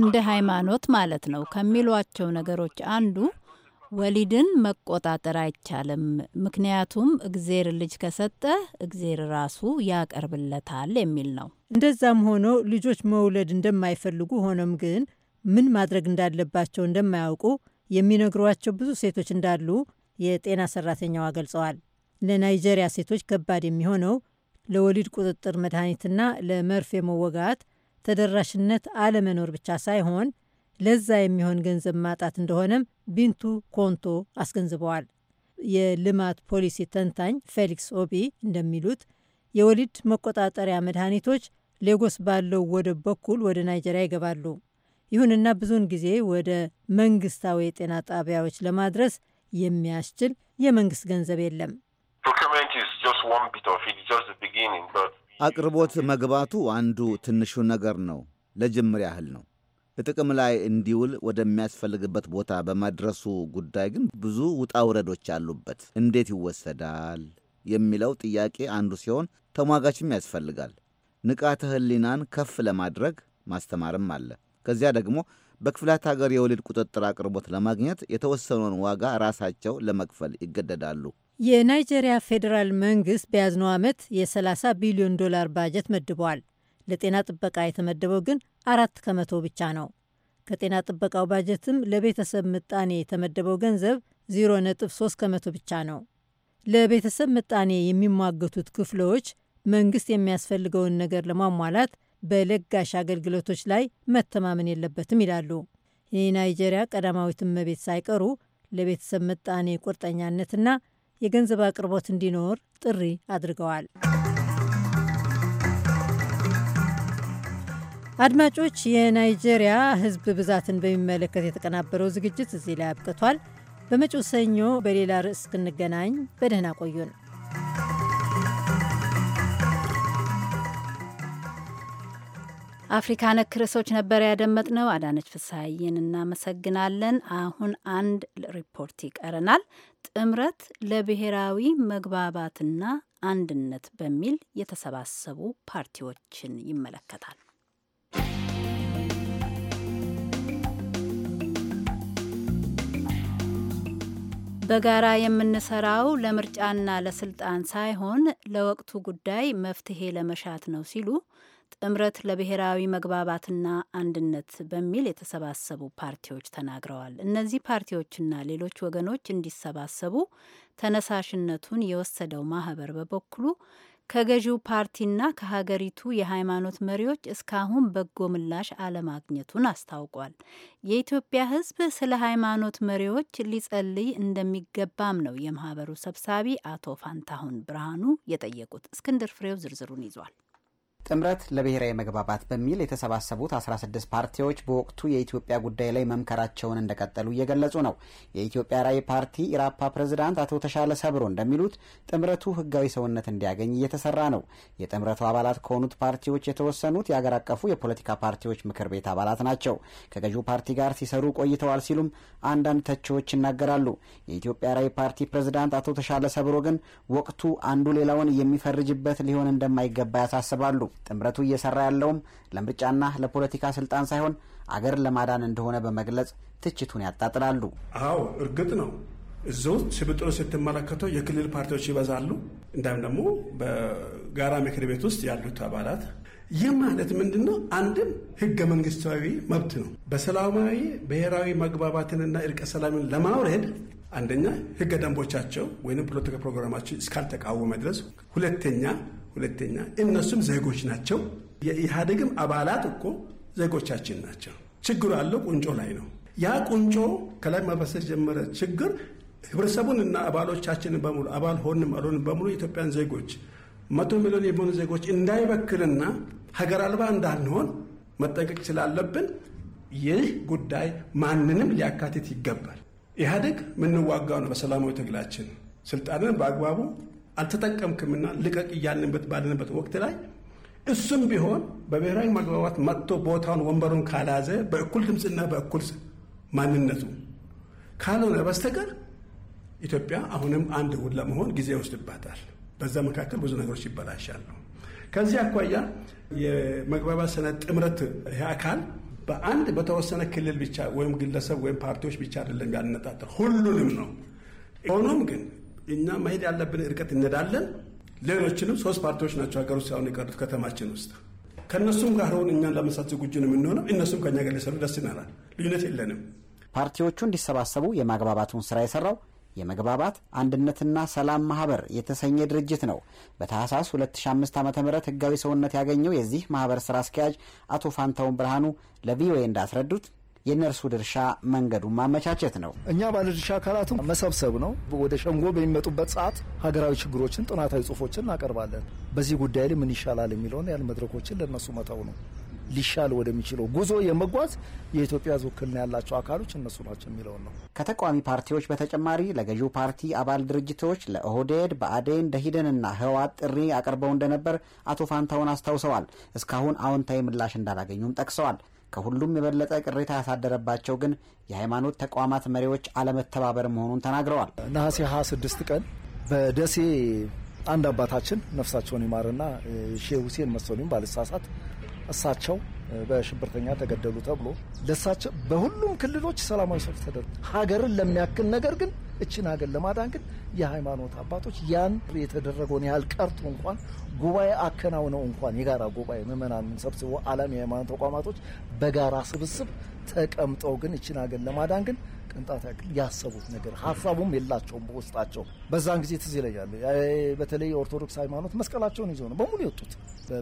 እንደ ሃይማኖት ማለት ነው ከሚሏቸው ነገሮች አንዱ ወሊድን መቆጣጠር አይቻልም፣ ምክንያቱም እግዜር ልጅ ከሰጠ እግዜር ራሱ ያቀርብለታል የሚል ነው። እንደዛም ሆኖ ልጆች መውለድ እንደማይፈልጉ ሆኖም ግን ምን ማድረግ እንዳለባቸው እንደማያውቁ የሚነግሯቸው ብዙ ሴቶች እንዳሉ የጤና ሰራተኛዋ ገልጸዋል። ለናይጄሪያ ሴቶች ከባድ የሚሆነው ለወሊድ ቁጥጥር መድኃኒትና ለመርፌ መወጋት ተደራሽነት አለመኖር ብቻ ሳይሆን ለዛ የሚሆን ገንዘብ ማጣት እንደሆነም ቢንቱ ኮንቶ አስገንዝበዋል። የልማት ፖሊሲ ተንታኝ ፌሊክስ ኦቢ እንደሚሉት የወሊድ መቆጣጠሪያ መድኃኒቶች ሌጎስ ባለው ወደብ በኩል ወደ ናይጄሪያ ይገባሉ። ይሁንና ብዙውን ጊዜ ወደ መንግስታዊ የጤና ጣቢያዎች ለማድረስ የሚያስችል የመንግስት ገንዘብ የለም። አቅርቦት መግባቱ አንዱ ትንሹ ነገር ነው። ለጅምር ያህል ነው። ጥቅም ላይ እንዲውል ወደሚያስፈልግበት ቦታ በማድረሱ ጉዳይ ግን ብዙ ውጣ ውረዶች አሉበት። እንዴት ይወሰዳል የሚለው ጥያቄ አንዱ ሲሆን ተሟጋችም ያስፈልጋል። ንቃተ ህሊናን ከፍ ለማድረግ ማስተማርም አለ። ከዚያ ደግሞ በክፍላት ሀገር የወሊድ ቁጥጥር አቅርቦት ለማግኘት የተወሰነውን ዋጋ ራሳቸው ለመክፈል ይገደዳሉ። የናይጄሪያ ፌዴራል መንግስት በያዝነው ዓመት የ30 ቢሊዮን ዶላር ባጀት መድቧል። ለጤና ጥበቃ የተመደበው ግን አራት ከመቶ ብቻ ነው። ከጤና ጥበቃው ባጀትም ለቤተሰብ ምጣኔ የተመደበው ገንዘብ 0.3 ከመቶ ብቻ ነው። ለቤተሰብ ምጣኔ የሚሟገቱት ክፍሎች መንግስት የሚያስፈልገውን ነገር ለማሟላት በለጋሽ አገልግሎቶች ላይ መተማመን የለበትም ይላሉ። የናይጄሪያ ቀዳማዊት እመቤት ሳይቀሩ ለቤተሰብ ምጣኔ ቁርጠኛነትና የገንዘብ አቅርቦት እንዲኖር ጥሪ አድርገዋል። አድማጮች፣ የናይጄሪያ ሕዝብ ብዛትን በሚመለከት የተቀናበረው ዝግጅት እዚህ ላይ አብቅቷል። በመጪው ሰኞ በሌላ ርዕስ እስክንገናኝ በደህና ቆዩን። አፍሪካ ነክ ርዕሶች ነበር ያደመጥነው። አዳነች ፍስሐዬን እናመሰግናለን። አሁን አንድ ሪፖርት ይቀረናል። ጥምረት ለብሔራዊ መግባባትና አንድነት በሚል የተሰባሰቡ ፓርቲዎችን ይመለከታል። በጋራ የምንሰራው ለምርጫና ለስልጣን ሳይሆን ለወቅቱ ጉዳይ መፍትሄ ለመሻት ነው ሲሉ ጥምረት ለብሔራዊ መግባባትና አንድነት በሚል የተሰባሰቡ ፓርቲዎች ተናግረዋል። እነዚህ ፓርቲዎችና ሌሎች ወገኖች እንዲሰባሰቡ ተነሳሽነቱን የወሰደው ማህበር በበኩሉ ከገዢው ፓርቲና ከሀገሪቱ የሃይማኖት መሪዎች እስካሁን በጎ ምላሽ አለማግኘቱን አስታውቋል። የኢትዮጵያ ሕዝብ ስለ ሃይማኖት መሪዎች ሊጸልይ እንደሚገባም ነው የማህበሩ ሰብሳቢ አቶ ፋንታሁን ብርሃኑ የጠየቁት። እስክንድር ፍሬው ዝርዝሩን ይዟል። ጥምረት ለብሔራዊ መግባባት በሚል የተሰባሰቡት 16 ፓርቲዎች በወቅቱ የኢትዮጵያ ጉዳይ ላይ መምከራቸውን እንደቀጠሉ እየገለጹ ነው። የኢትዮጵያ ራዕይ ፓርቲ ኢራፓ ፕሬዝዳንት አቶ ተሻለ ሰብሮ እንደሚሉት ጥምረቱ ሕጋዊ ሰውነት እንዲያገኝ እየተሰራ ነው። የጥምረቱ አባላት ከሆኑት ፓርቲዎች የተወሰኑት የአገር አቀፉ የፖለቲካ ፓርቲዎች ምክር ቤት አባላት ናቸው። ከገዢው ፓርቲ ጋር ሲሰሩ ቆይተዋል ሲሉም አንዳንድ ተቺዎች ይናገራሉ። የኢትዮጵያ ራዕይ ፓርቲ ፕሬዝዳንት አቶ ተሻለ ሰብሮ ግን ወቅቱ አንዱ ሌላውን የሚፈርጅበት ሊሆን እንደማይገባ ያሳስባሉ። ጥምረቱ እየሰራ ያለውም ለምርጫና ለፖለቲካ ስልጣን ሳይሆን አገር ለማዳን እንደሆነ በመግለጽ ትችቱን ያጣጥላሉ። አዎ እርግጥ ነው እዚህ ውስጥ ስትመለከተው የክልል ፓርቲዎች ይበዛሉ፣ እንዳም ደግሞ በጋራ ምክር ቤት ውስጥ ያሉት አባላት። ይህ ማለት ምንድን ነው? አንድም ህገ መንግስታዊ መብት ነው። በሰላማዊ ብሔራዊ መግባባትንና እርቀ ሰላምን ለማውረድ አንደኛ ህገ ደንቦቻቸው ወይም ፖለቲካ ፕሮግራማቸው እስካልተቃወመ ድረስ፣ ሁለተኛ ሁለተኛ እነሱም ዜጎች ናቸው። የኢህአዴግም አባላት እኮ ዜጎቻችን ናቸው። ችግሩ ያለው ቁንጮ ላይ ነው። ያ ቁንጮ ከላይ መፈሰስ ጀመረ። ችግር ህብረተሰቡን እና አባሎቻችንን በሙሉ አባል ሆንም አልሆንም በሙሉ የኢትዮጵያን ዜጎች መቶ ሚሊዮን የሚሆኑ ዜጎች እንዳይበክልና ሀገር አልባ እንዳንሆን መጠንቀቅ ስላለብን ይህ ጉዳይ ማንንም ሊያካትት ይገባል። ኢህአዴግ የምንዋጋው ነው በሰላማዊ ትግላችን ስልጣንን በአግባቡ አልተጠቀምክምና ልቀቅ እያልንበት ባለንበት ወቅት ላይ እሱም ቢሆን በብሔራዊ መግባባት መጥቶ ቦታውን ወንበሩን ካላዘ በእኩል ድምፅና በእኩል ማንነቱ ካልሆነ በስተቀር ኢትዮጵያ አሁንም አንድ ውድ ለመሆን ጊዜ ይወስድባታል። በዛ መካከል ብዙ ነገሮች ይበላሻሉ። ከዚህ አኳያ የመግባባት ሰነድ ጥምረት ይህ አካል በአንድ በተወሰነ ክልል ብቻ ወይም ግለሰብ ወይም ፓርቲዎች ብቻ አይደለም ያነጣጠር፣ ሁሉንም ነው። ሆኖም ግን እኛ መሄድ ያለብን እርቀት እንሄዳለን። ሌሎችንም ሶስት ፓርቲዎች ናቸው ሀገር ውስጥ አሁን የቀሩት ከተማችን ውስጥ ከእነሱም ጋር ሆን እኛን ለመሳት ዝግጁ ነው የምንሆነው። እነሱም ከእኛ ጋር ሊሰሩ ደስ ይናራል። ልዩነት የለንም። ፓርቲዎቹ እንዲሰባሰቡ የማግባባቱን ስራ የሰራው የመግባባት አንድነትና ሰላም ማህበር የተሰኘ ድርጅት ነው። በታህሳስ 2005 ዓ ም ህጋዊ ሰውነት ያገኘው የዚህ ማህበር ስራ አስኪያጅ አቶ ፋንታውን ብርሃኑ ለቪኦኤ እንዳስረዱት የእነርሱ ድርሻ መንገዱን ማመቻቸት ነው። እኛ ባለድርሻ አካላትም መሰብሰብ ነው። ወደ ሸንጎ በሚመጡበት ሰዓት ሀገራዊ ችግሮችን፣ ጥናታዊ ጽሁፎችን እናቀርባለን። በዚህ ጉዳይ ላይ ምን ይሻላል የሚለውን ያህል መድረኮችን ለእነሱ መተው ነው። ሊሻል ወደሚችለው ጉዞ የመጓዝ የኢትዮጵያ ሕዝብ ውክልና ያላቸው አካሎች እነሱ ናቸው የሚለውን ነው። ከተቃዋሚ ፓርቲዎች በተጨማሪ ለገዢው ፓርቲ አባል ድርጅቶች ለኦህዴድ፣ ብአዴን፣ ደኢህዴንና ህወሓት ጥሪ አቅርበው እንደነበር አቶ ፋንታውን አስታውሰዋል። እስካሁን አዎንታዊ ምላሽ እንዳላገኙም ጠቅሰዋል። ከሁሉም የበለጠ ቅሬታ ያሳደረባቸው ግን የሃይማኖት ተቋማት መሪዎች አለመተባበር መሆኑን ተናግረዋል። ነሐሴ 26 ቀን በደሴ አንድ አባታችን ነፍሳቸውን ይማርና ሼህ ሁሴን መሰሉኝ ባልሳሳት እሳቸው በሽብርተኛ ተገደሉ ተብሎ ለሳቸው በሁሉም ክልሎች ሰላማዊ ሰልፍ ተደረገ። ሀገርን ለሚያክል ነገር ግን እችን ሀገር ለማዳን ግን የሃይማኖት አባቶች ያን የተደረገውን ያህል ቀርቶ እንኳን ጉባኤ አከናውነው እንኳን የጋራ ጉባኤ ምዕመናንን ሰብስቦ ዓለም የሃይማኖት ተቋማቶች በጋራ ስብስብ ተቀምጠው ግን እችን ሀገር ለማዳን ግን ቅንጣት ያክል ያሰቡት ነገር ሀሳቡም የላቸውም በውስጣቸው። በዛን ጊዜ ትዝ ይለኛል። በተለይ የኦርቶዶክስ ሃይማኖት መስቀላቸውን ይዘው ነው በሙሉ የወጡት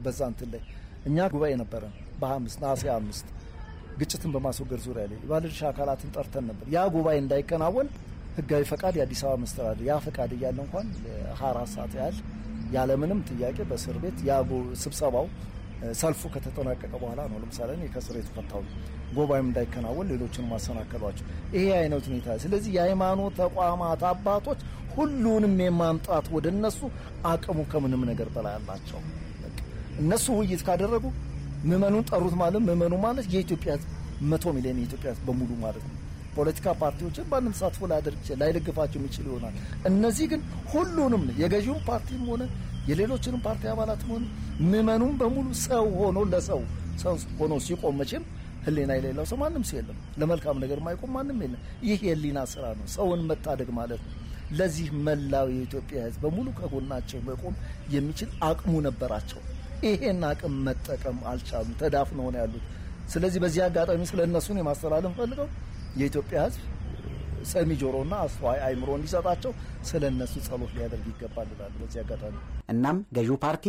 በዛ እንትን ላይ እኛ ጉባኤ ነበረን በአምስት ነሐሴ አምስት ግጭትን በማስወገድ ዙሪያ ላይ የባለድርሻ አካላትን ጠርተን ነበር። ያ ጉባኤ እንዳይከናወን ህጋዊ ፈቃድ የአዲስ አበባ መስተዳድር ያ ፈቃድ እያለ እንኳን ሀራ ሰዓት ያህል ያለምንም ጥያቄ በእስር ቤት ያ ስብሰባው ሰልፉ ከተጠናቀቀ በኋላ ነው። ለምሳሌ እኔ ከእስር የተፈታው ጉባኤም እንዳይከናወን ሌሎችን ማሰናከሏቸው ይሄ አይነት ሁኔታ። ስለዚህ የሃይማኖት ተቋማት አባቶች ሁሉንም የማምጣት ወደ እነሱ አቅሙ ከምንም ነገር በላይ አላቸው። እነሱ ውይይት ካደረጉ ምዕመኑን ጠሩት ማለት ምዕመኑ ማለት የኢትዮጵያ ህዝብ መቶ ሚሊዮን የኢትዮጵያ ህዝብ በሙሉ ማለት ነው። ፖለቲካ ፓርቲዎችን ባንም ተሳትፎ ላያደርግ ላይደግፋቸው የሚችል ይሆናል። እነዚህ ግን ሁሉንም የገዢውን ፓርቲም ሆነ የሌሎችንም ፓርቲ አባላትም ሆነ ምዕመኑም በሙሉ ሰው ሆኖ ለሰው ሰው ሆኖ ሲቆም መቼም ህሊና የሌለው ሰው ማንም ሰው የለም። ለመልካም ነገር ማይቆም ማንም የለም። ይህ የህሊና ስራ ነው፣ ሰውን መታደግ ማለት ነው። ለዚህ መላው የኢትዮጵያ ህዝብ በሙሉ ከጎናቸው መቆም የሚችል አቅሙ ነበራቸው። ይሄን አቅም መጠቀም አልቻሉም፣ ተዳፍነው ነው ያሉት። ስለዚህ በዚህ አጋጣሚ ስለ እነሱ ነው የማስተላለፍ ፈልገው የኢትዮጵያ ሕዝብ ሰሚ ጆሮና አስተዋይ አይምሮ እንዲሰጣቸው ስለ እነሱ ጸሎት ሊያደርግ ይገባል ይላሉ። በዚህ አጋጣሚ እናም ገዢው ፓርቲ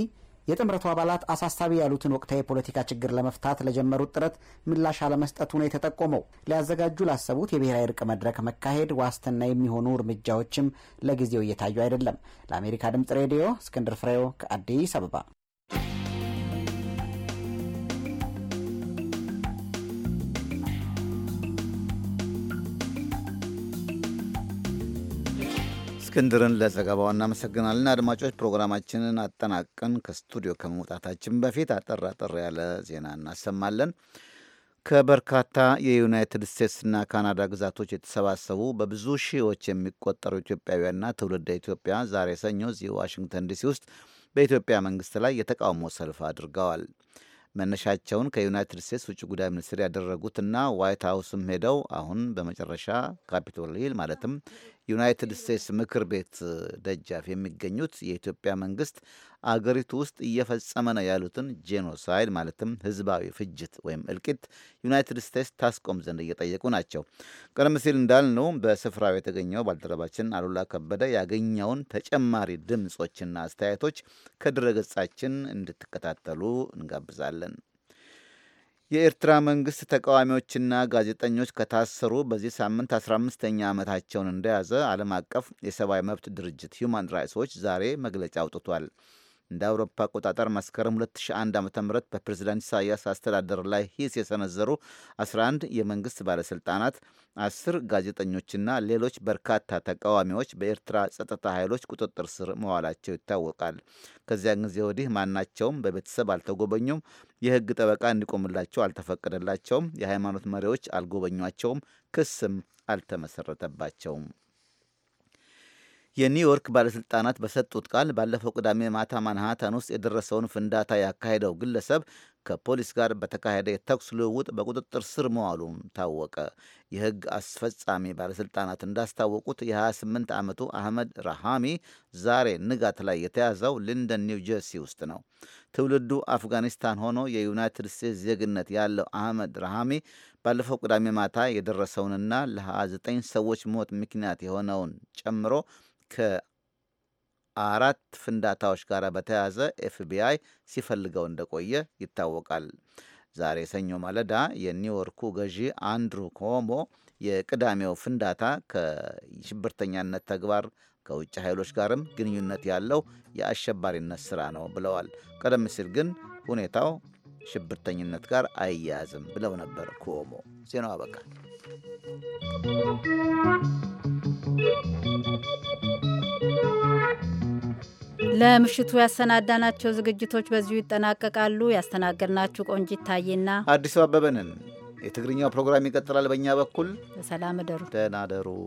የጥምረቱ አባላት አሳሳቢ ያሉትን ወቅታዊ የፖለቲካ ችግር ለመፍታት ለጀመሩት ጥረት ምላሽ አለመስጠቱ ነው የተጠቆመው። ሊያዘጋጁ ላሰቡት የብሔራዊ እርቅ መድረክ መካሄድ ዋስትና የሚሆኑ እርምጃዎችም ለጊዜው እየታዩ አይደለም። ለአሜሪካ ድምጽ ሬዲዮ እስክንድር ፍሬው ከአዲስ አበባ እስክንድርን ለዘገባው እናመሰግናለን። አድማጮች ፕሮግራማችንን አጠናቀን ከስቱዲዮ ከመውጣታችን በፊት አጠር አጠር ያለ ዜና እናሰማለን። ከበርካታ የዩናይትድ ስቴትስና ካናዳ ግዛቶች የተሰባሰቡ በብዙ ሺዎች የሚቆጠሩ ኢትዮጵያውያንና ትውልደ ኢትዮጵያ ዛሬ ሰኞ እዚህ ዋሽንግተን ዲሲ ውስጥ በኢትዮጵያ መንግስት ላይ የተቃውሞ ሰልፍ አድርገዋል። መነሻቸውን ከዩናይትድ ስቴትስ ውጭ ጉዳይ ሚኒስትር ያደረጉትና ዋይት ሀውስም ሄደው አሁን በመጨረሻ ካፒቶል ሂል ማለትም ዩናይትድ ስቴትስ ምክር ቤት ደጃፍ የሚገኙት የኢትዮጵያ መንግስት አገሪቱ ውስጥ እየፈጸመ ነው ያሉትን ጄኖሳይድ ማለትም ህዝባዊ ፍጅት ወይም እልቂት ዩናይትድ ስቴትስ ታስቆም ዘንድ እየጠየቁ ናቸው። ቀደም ሲል እንዳልነው በስፍራው የተገኘው ባልደረባችን አሉላ ከበደ ያገኘውን ተጨማሪ ድምጾችና አስተያየቶች ከድረገጻችን እንድትከታተሉ እንጋብዛለን። የኤርትራ መንግስት ተቃዋሚዎችና ጋዜጠኞች ከታሰሩ በዚህ ሳምንት 15ኛ ዓመታቸውን እንደያዘ ዓለም አቀፍ የሰብአዊ መብት ድርጅት ሁማን ራይትስ ዎች ዛሬ መግለጫ አውጥቷል። እንደ አውሮፓ አቆጣጠር መስከረም 2001 ዓ ም በፕሬዝዳንት ኢሳያስ አስተዳደር ላይ ሂስ የሰነዘሩ 11 የመንግስት ባለሥልጣናት፣ 10 ጋዜጠኞችና ሌሎች በርካታ ተቃዋሚዎች በኤርትራ ጸጥታ ኃይሎች ቁጥጥር ስር መዋላቸው ይታወቃል። ከዚያን ጊዜ ወዲህ ማናቸውም በቤተሰብ አልተጎበኙም፣ የሕግ ጠበቃ እንዲቆምላቸው አልተፈቀደላቸውም፣ የሃይማኖት መሪዎች አልጎበኟቸውም፣ ክስም አልተመሰረተባቸውም። የኒውዮርክ ባለሥልጣናት በሰጡት ቃል ባለፈው ቅዳሜ ማታ ማንሃታን ውስጥ የደረሰውን ፍንዳታ ያካሄደው ግለሰብ ከፖሊስ ጋር በተካሄደ የተኩስ ልውውጥ በቁጥጥር ስር መዋሉም ታወቀ። የሕግ አስፈጻሚ ባለሥልጣናት እንዳስታወቁት የ28 ዓመቱ አህመድ ራሃሚ ዛሬ ንጋት ላይ የተያዘው ሊንደን ኒው ጀርሲ ውስጥ ነው። ትውልዱ አፍጋኒስታን ሆኖ የዩናይትድ ስቴትስ ዜግነት ያለው አህመድ ራሃሚ ባለፈው ቅዳሜ ማታ የደረሰውንና ለ29 ሰዎች ሞት ምክንያት የሆነውን ጨምሮ ከአራት ፍንዳታዎች ጋር በተያያዘ ኤፍቢአይ ሲፈልገው እንደቆየ ይታወቃል። ዛሬ ሰኞ ማለዳ የኒውዮርኩ ገዢ አንድሩ ኮሞ የቅዳሜው ፍንዳታ ከሽብርተኛነት ተግባር ከውጭ ኃይሎች ጋርም ግንኙነት ያለው የአሸባሪነት ስራ ነው ብለዋል። ቀደም ሲል ግን ሁኔታው ሽብርተኝነት ጋር አይያያዝም ብለው ነበር ኮሞ። ዜናው አበቃ። ለምሽቱ ያሰናዳናቸው ዝግጅቶች በዚሁ ይጠናቀቃሉ። ያስተናገድናችሁ ቆንጂት ታዬና አዲሱ አበበ ነን። የትግርኛው ፕሮግራም ይቀጥላል። በእኛ በኩል በሰላም እደሩ። ደህና እደሩ።